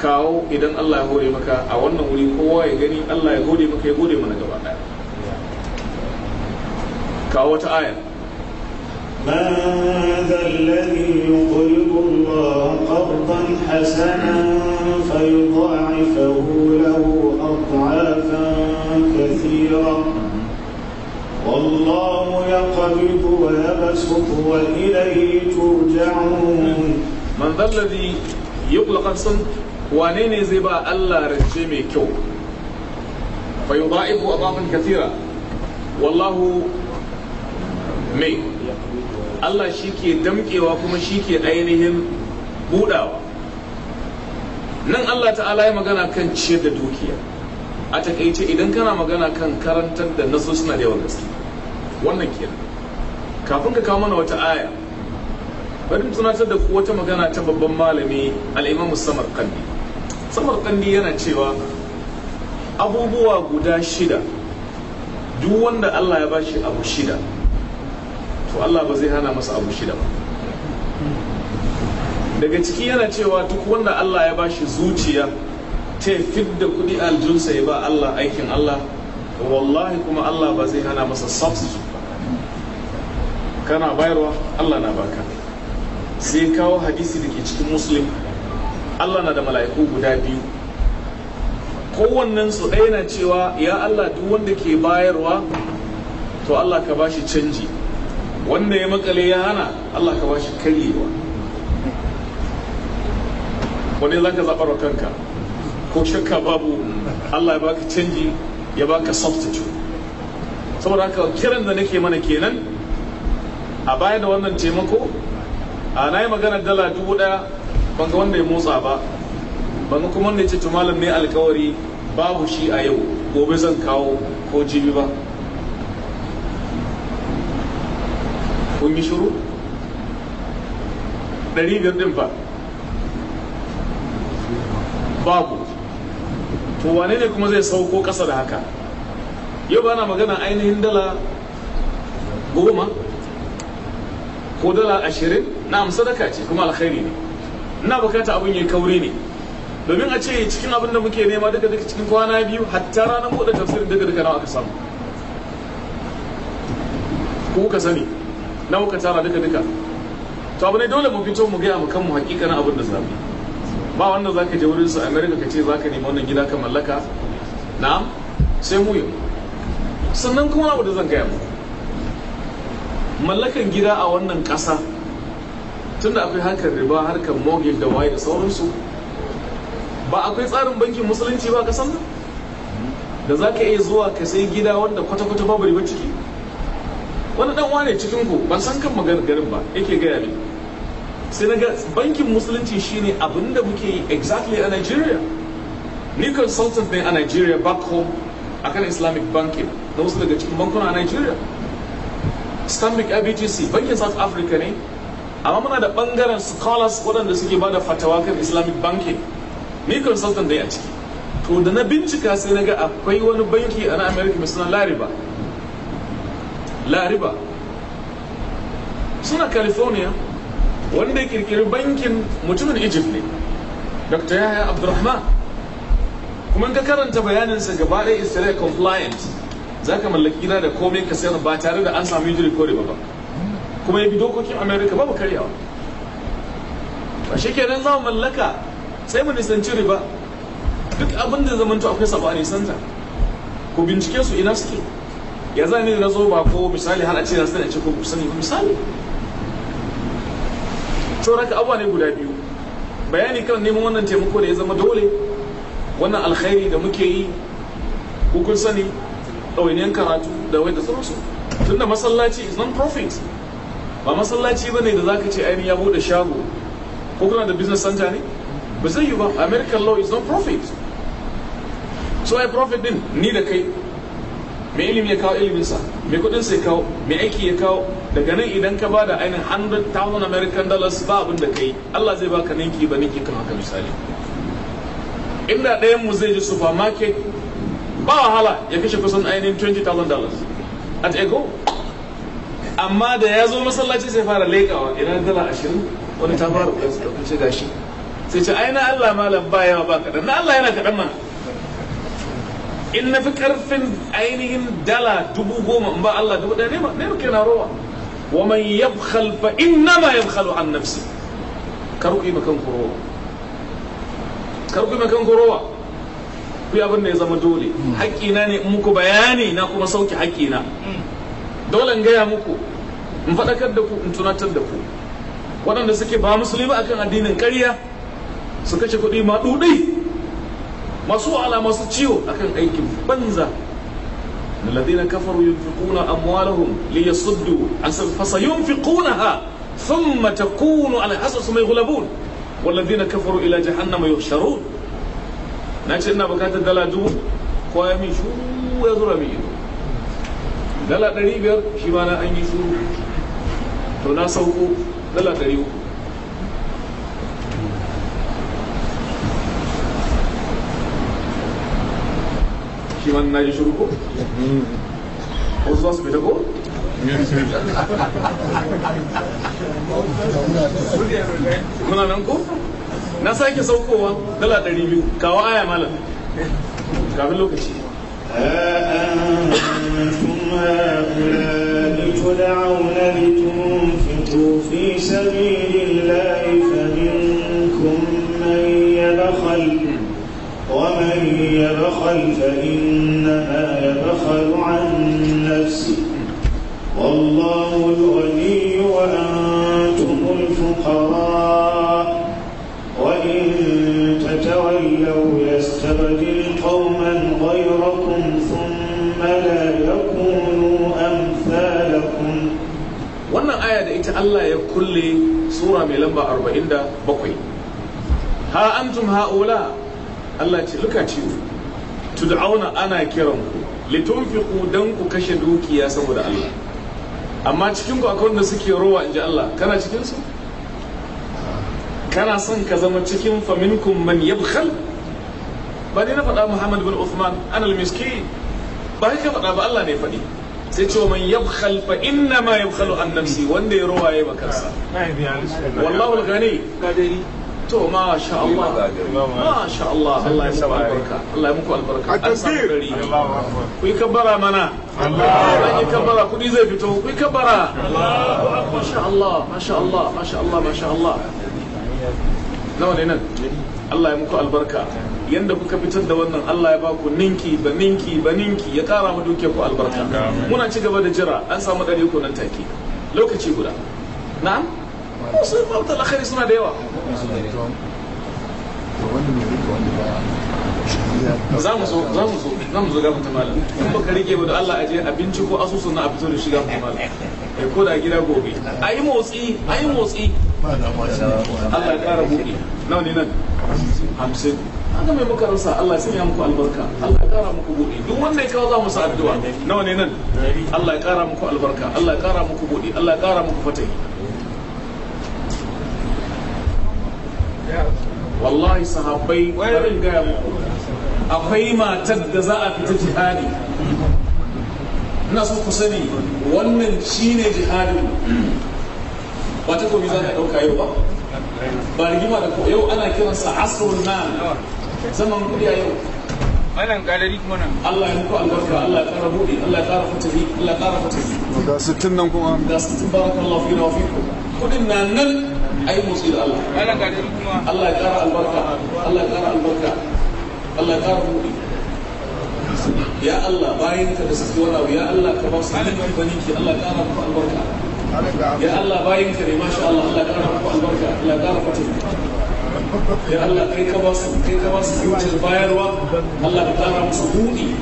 kawo idan Allah ya hore maka a wannan wuri kowa ya gani Allah ya gode maka ya gode mana gaba ɗaya kawo آية ماذا الذي يقرض الله قرضا حسنا فيضاعفه له أضعافا كثيرة والله يقبض ويبسط وإليه ترجعون من ذا الذي يقلق الصن وانين زبا الله رجيمي كو فيضاعف أضعافا كثيرة والله me Allah shi ke damƙewa kuma shi ke ainihin budawa nan Allah ta'ala ya magana kan ciyar da dukiya a takaice idan kana magana kan karantar da nasu suna da yawan gaske wannan ke kafin ka kawo mana wata aya bari mu tunatar da wata magana ta babban malami al-Imam Samarqandi yana cewa abubuwa guda shida duk wanda Allah ya bashi abu shida to Allah ba zai hana masa abu shida ba daga ciki yana cewa duk wanda Allah ya bashi zuciya ta fidda kudi aljinsa ya ba Allah aikin Allah wallahi kuma Allah ba zai hana masa substitute ba kana bayarwa Allah na baka sai kawo hadisi da ke cikin muslim Allah na da mala'iku guda biyu kowannensu ɗaya na cewa ya Allah duk wanda ke bayarwa to Allah ka bashi canji wanda ya makale ya hana Allah ka bashi karyewa wani za ka zaɓar wa kanka ko shakka babu Allah ya baka canji ya baka substitute saboda haka kiran da nake mana kenan a baya da wannan taimako a na yi magana dala dubu ɗaya ban wanda ya motsa ba ban ga kuma wanda ya ce malam ne alkawari babu shi a yau gobe zan kawo ko jibi ba kun yi shuru ɗari biyar ɗin fa babu to wane ne kuma zai sauko ƙasa da haka yau ba na magana ainihin dala goma ko dala ashirin na amsa da ce kuma alkhairi ne na bukata abin yi kauri ne domin a ce cikin abin da muke nema daga daga cikin kwana biyu hatta ranar buɗe tafsirin daga daga nawa ka samu ku ka sani na wuka tara duka duka to abu ne dole mu fito mu ga mu kanmu hakikanin abin da zamu ba wanda zaka je wurin su America ka ce zaka nemi wannan gida ka mallaka na'am sai mu yi sannan kuma abu da zan gaya mu mallakan gida a wannan ƙasa tunda akwai harkar riba harkar mortgage da waye da sauransu ba akwai tsarin bankin musulunci ba kasan nan da za ka iya zuwa ka sai gida wanda kwata-kwata babu riba ciki wani dan wane cikin ku ban san kan maganar garin ba yake gaya ne sai na ga bankin musulunci shine abinda muke yi exactly a Nigeria ni consultant ne a Nigeria back home kan Islamic banking na wasu daga cikin bankuna a Nigeria Stanbic IBTC bankin South Africa ne amma muna da bangaren scholars waɗanda suke ba da fatawa kan Islamic banking ni consultant ne a ciki to da na bincika sai na ga akwai wani banki a na America mai suna Lariba la riba suna california wanda ya kirkiri bankin mutumin egypt ne dr yahya abdurrahman kuma ka karanta bayaninsa gaba ɗaya israel compliant za ka mallaki gida da komai ka sayar ba tare da an samu ko riba ba kuma ya bi dokokin america babu karyawa ba shi ke za mu mallaka sai mu nisanci riba duk abin da akwai sabari santa ku bincike su ina suke ya zane na zo ba ko misali har a ce nasu da ce ko sani ba misali ka abuwa ne guda biyu bayani kan neman wannan taimako da ya zama dole wannan alkhairi da muke yi kun sani ɗawainiyar karatu da wai da sauransu tunda masallaci is non profit ba masallaci ba ne da za ka ce ainihin ya bude shago ko kuna da business center ne ba zai yi ba american law is non profit so ai profit din ni da kai mai ilimi ya kawo iliminsa mai kudin sai kawo mai aiki ya kawo daga nan idan ka bada ainihin 100,000 american dollars ba abin da ka yi allah zai baka ninki ba ninki kan haka misali inda ɗayan mu zai ji supermarket ba wahala ya kashe kusan ainihin 20,000 dollars at ego amma da ya zo masallaci sai fara leƙawa idan dala ashirin wani ta fara ɗaukace gashi sai ce aina allah malam ba yawa ba kaɗan na allah yana kaɗan mana in na fi karfin ainihin dala dubu goma in ba Allah dubu ɗaya nema nema ke na rowa wa man yabkhal fa in yabkhalu an nafsi kar ku yi makan ku rowa kar ku yi makan ku rowa ku yi abin da ya zama dole hmm. haƙƙina ne in muku bayani na kuma sauke haƙƙina hmm. dole in gaya muku in faɗakar da ku in tunatar da ku waɗanda suke ba musulmi akan addinin ƙarya su kashe kuɗi ma ɗuɗai masu wahala masu ciwo akan aikin banza na ladina kafar yunfikuna amwalahum li yasuddu an sa fa sayunfiqunaha thumma takunu ala hasas ila jahannama yuhsharun ina bukatar dala dubu ko ya min to na sauko dala 300 kiman na ji shuru ko wasu za su na sake saukowa dala ɗari biyu kawo aya malam kafin lokaci يبخل فإنما يبخل عن نفسه والله الغني وأنتم الفقراء وإن تتولوا يستبدل قوما غيركم ثم لا يكونوا أمثالكم wannan آية da الله يقول سورة kulle أربعين mai lamba 47 ha antum haula Allah ce tud'auna ana kiran ku litunfiqu dan ku kashe dukiya saboda Allah amma cikin ku akwai wanda suke rowa inji Allah kana cikin su kana son ka zama cikin faminkum man yabkhal ba ne na faɗa Muhammad bin Uthman anal miski ba ka faɗa ba Allah ne faɗi sai ce man yabkhal fa inna ma yabkhalu an nafsi wanda ya rowaye ba kansa wallahu al-ghani to ma sha Allah ma sha Allah Allah ya muku albarka Allah ya muku albarka an samu gari ku yi kabbara mana Allah yi kabbara kudi zai fito ku yi kabbara ma sha Allah ma sha Allah ma sha Allah ma sha Allah nawa ne nan Allah ya muku albarka yanda kuka fitar da wannan Allah ya baku ninki ba ninki ba ninki ya kara mu duke ku albarka muna ci gaba da jira an samu dare ku nan take lokaci guda na'am musu mauta alkhairi suna da yawa za mu za mu zo zo mutum malam in baka rike ba da Allah aje abinci ko asusun na a fito da mutum malam eh ko da gida gobe a yi motsi a yi motsi Allah ya kara buɗe nawa ne nan hamsin haka mai muka Allah ya sanya muku albarka Allah ya kara muku buɗe duk wanda ya kawo za mu sa addu'a nawa ne nan Allah ya kara muku albarka Allah ya kara muku buɗe Allah ya kara muku fatahi wallahi sahabbai barin gaya muku akwai matar da za a fita jihadi ina so ku sani wannan ne jihadin ba ta komi za ka ɗauka yau ba ba rigima da ko yau ana kiransa asrun na zaman kuɗi a yau Allah ya muku albarka Allah ya kara buɗe Allah ya kara fatahi Allah ya kara fatahi ga sittin nan kuma ga sittin barakallahu fi na wa fikum kuɗin na nan ai motsi da Allah Allah ya kara albarka Allah ya kara albarka Allah ya kara buɗi ya Allah bayan ka da suke wala abu ya Allah ka ba su hannun baniki Allah ya kara albarka ya Allah bayan ka ne masha Allah Allah ya kara albarka Allah ya kara fata ya Allah kai ka ba su kai ka ba su zuciyar bayarwa Allah ka ƙara musu buɗi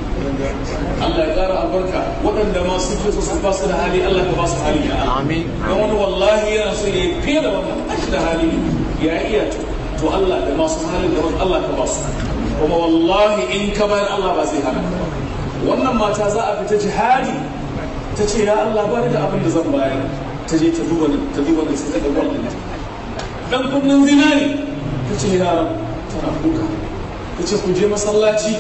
Allah ya ƙara albarka waɗanda ma ke so su ba su da hali Allah ka ba su hali amin dan wani wallahi yana so ya fiye da wannan ashi da hali ya iya to Allah da masu halin da wani Allah ka ba su kuma wallahi in ka bayar Allah ba zai hana wannan mata za a fita jihadi ta ce ya Allah ba da abin da zan bayar ta je ta duba ta duba da sai ta ga wannan dan kunnan zinari ta ce ya tana kuka ta ce ku je masallaci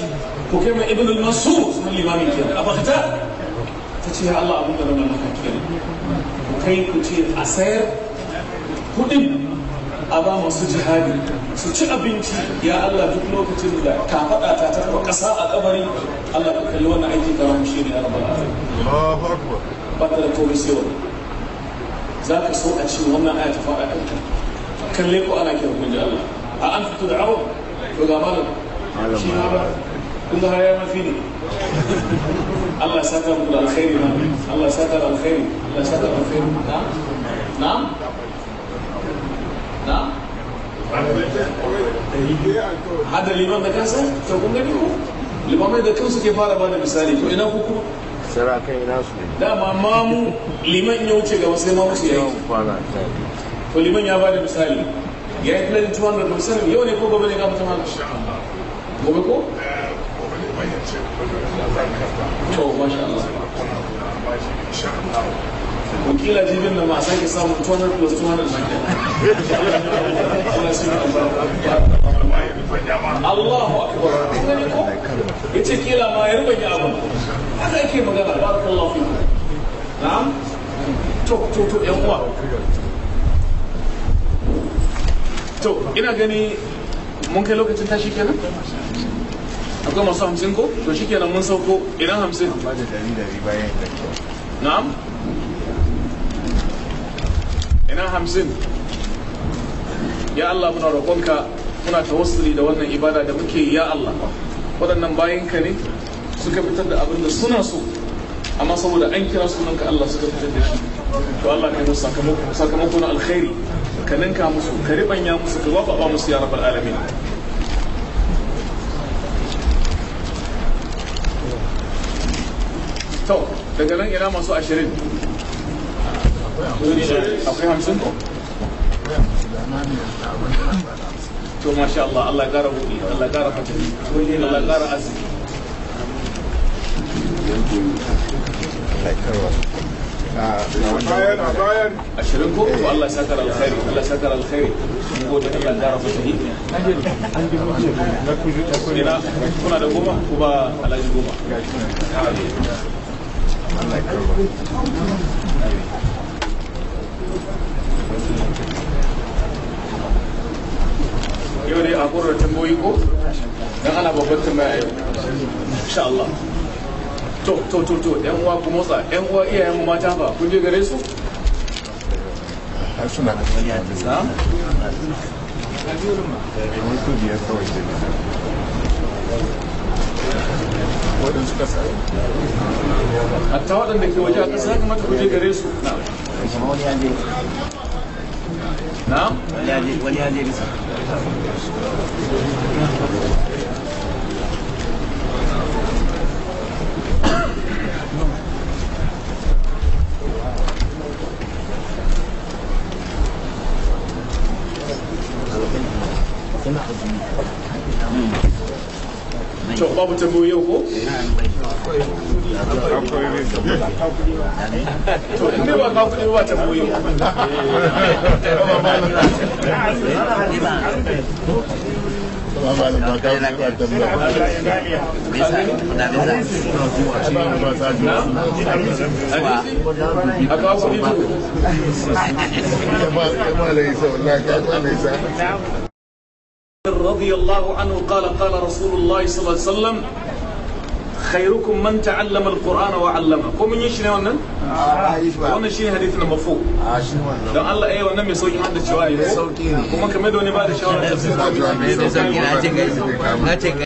ku kai ma ibn al-mansur sunan limamin kenan a bakita ta ce ya Allah abin da na mallaka kenan ku kai ku ce a sayar kuɗin a ba masu jihadi su ci abinci ya Allah duk lokacin da ka faɗa ta tarwa ƙasa a kabari Allah ka kalli wannan aiki ka shi ne ya rabbal alamin ba ta da komai sai wani za ka so a ce wannan aya ta faɗa kanka kalle ko ana kyau mun Allah a an fitu da awo to ga malam shi ma ba kun ga ya mafi ne Allah saka mu da alkhairi na Allah saka da alkhairi Allah saka da alkhairi na na na hada liman da kansa to kun gani ko limamai da kansu ke fara bada misali to ina ku kuma su ne da mamu liman ya wuce gaba sai mamu su yi to liman ya da misali ya yi planning da musallin yau ne ko gobe ne ga mutum haka gobe ko eh, to masha Allah wakila jibin nan masu ake samu 200 plus 200 Allahu akbar yace kila ma ya rubanya haka yake magana barakallahu fiku na'am to to to yan uwa to ina gani mun kai lokacin tashi kenan akwai masu hamsin ko to shi kenan mun sauko idan hamsin na'am ina hamsin ya Allah muna roƙonka muna tawassuli da wannan ibada da muke ya Allah waɗannan bayanka ne suka fitar da abin da suna so amma saboda an kira sunanka Allah suka fitar da shi to Allah kai musu sakamako na alkhairi ka ninka musu ka ribanya musu ka ba musu ya rabar alamin to daga nan ina masu ashirin akwai hamsin ko to masha Allah Allah gara wuri Allah gara fatali Allah gara you. ashirin ko ko Allah saka ran khairi Allah saka ran khairi mun gode Allah da rafa tahi ina kuna da goma ko ba alaji goma yau dai a kurar tambayoyi ko dan ana babbar tambaya insha Allah to to to to yan uwa ku motsa yan uwa iyayen mu mata kun je gare su da a bisa waɗansu ƙasa waɗanda ke waje a ƙasa ya kamata gare su na wani Çok babu tabu yok o. Çok ne var babu ne var tabu yok. Acabamos de ir. رضي الله عنه قال قال رسول الله صلى الله عليه وسلم خيركم من تعلم القرآن وعلمه ko mun yi shi ne wannan wannan shi don Allah eh wannan mai sauki hadda kuma kamar ba da shawara da su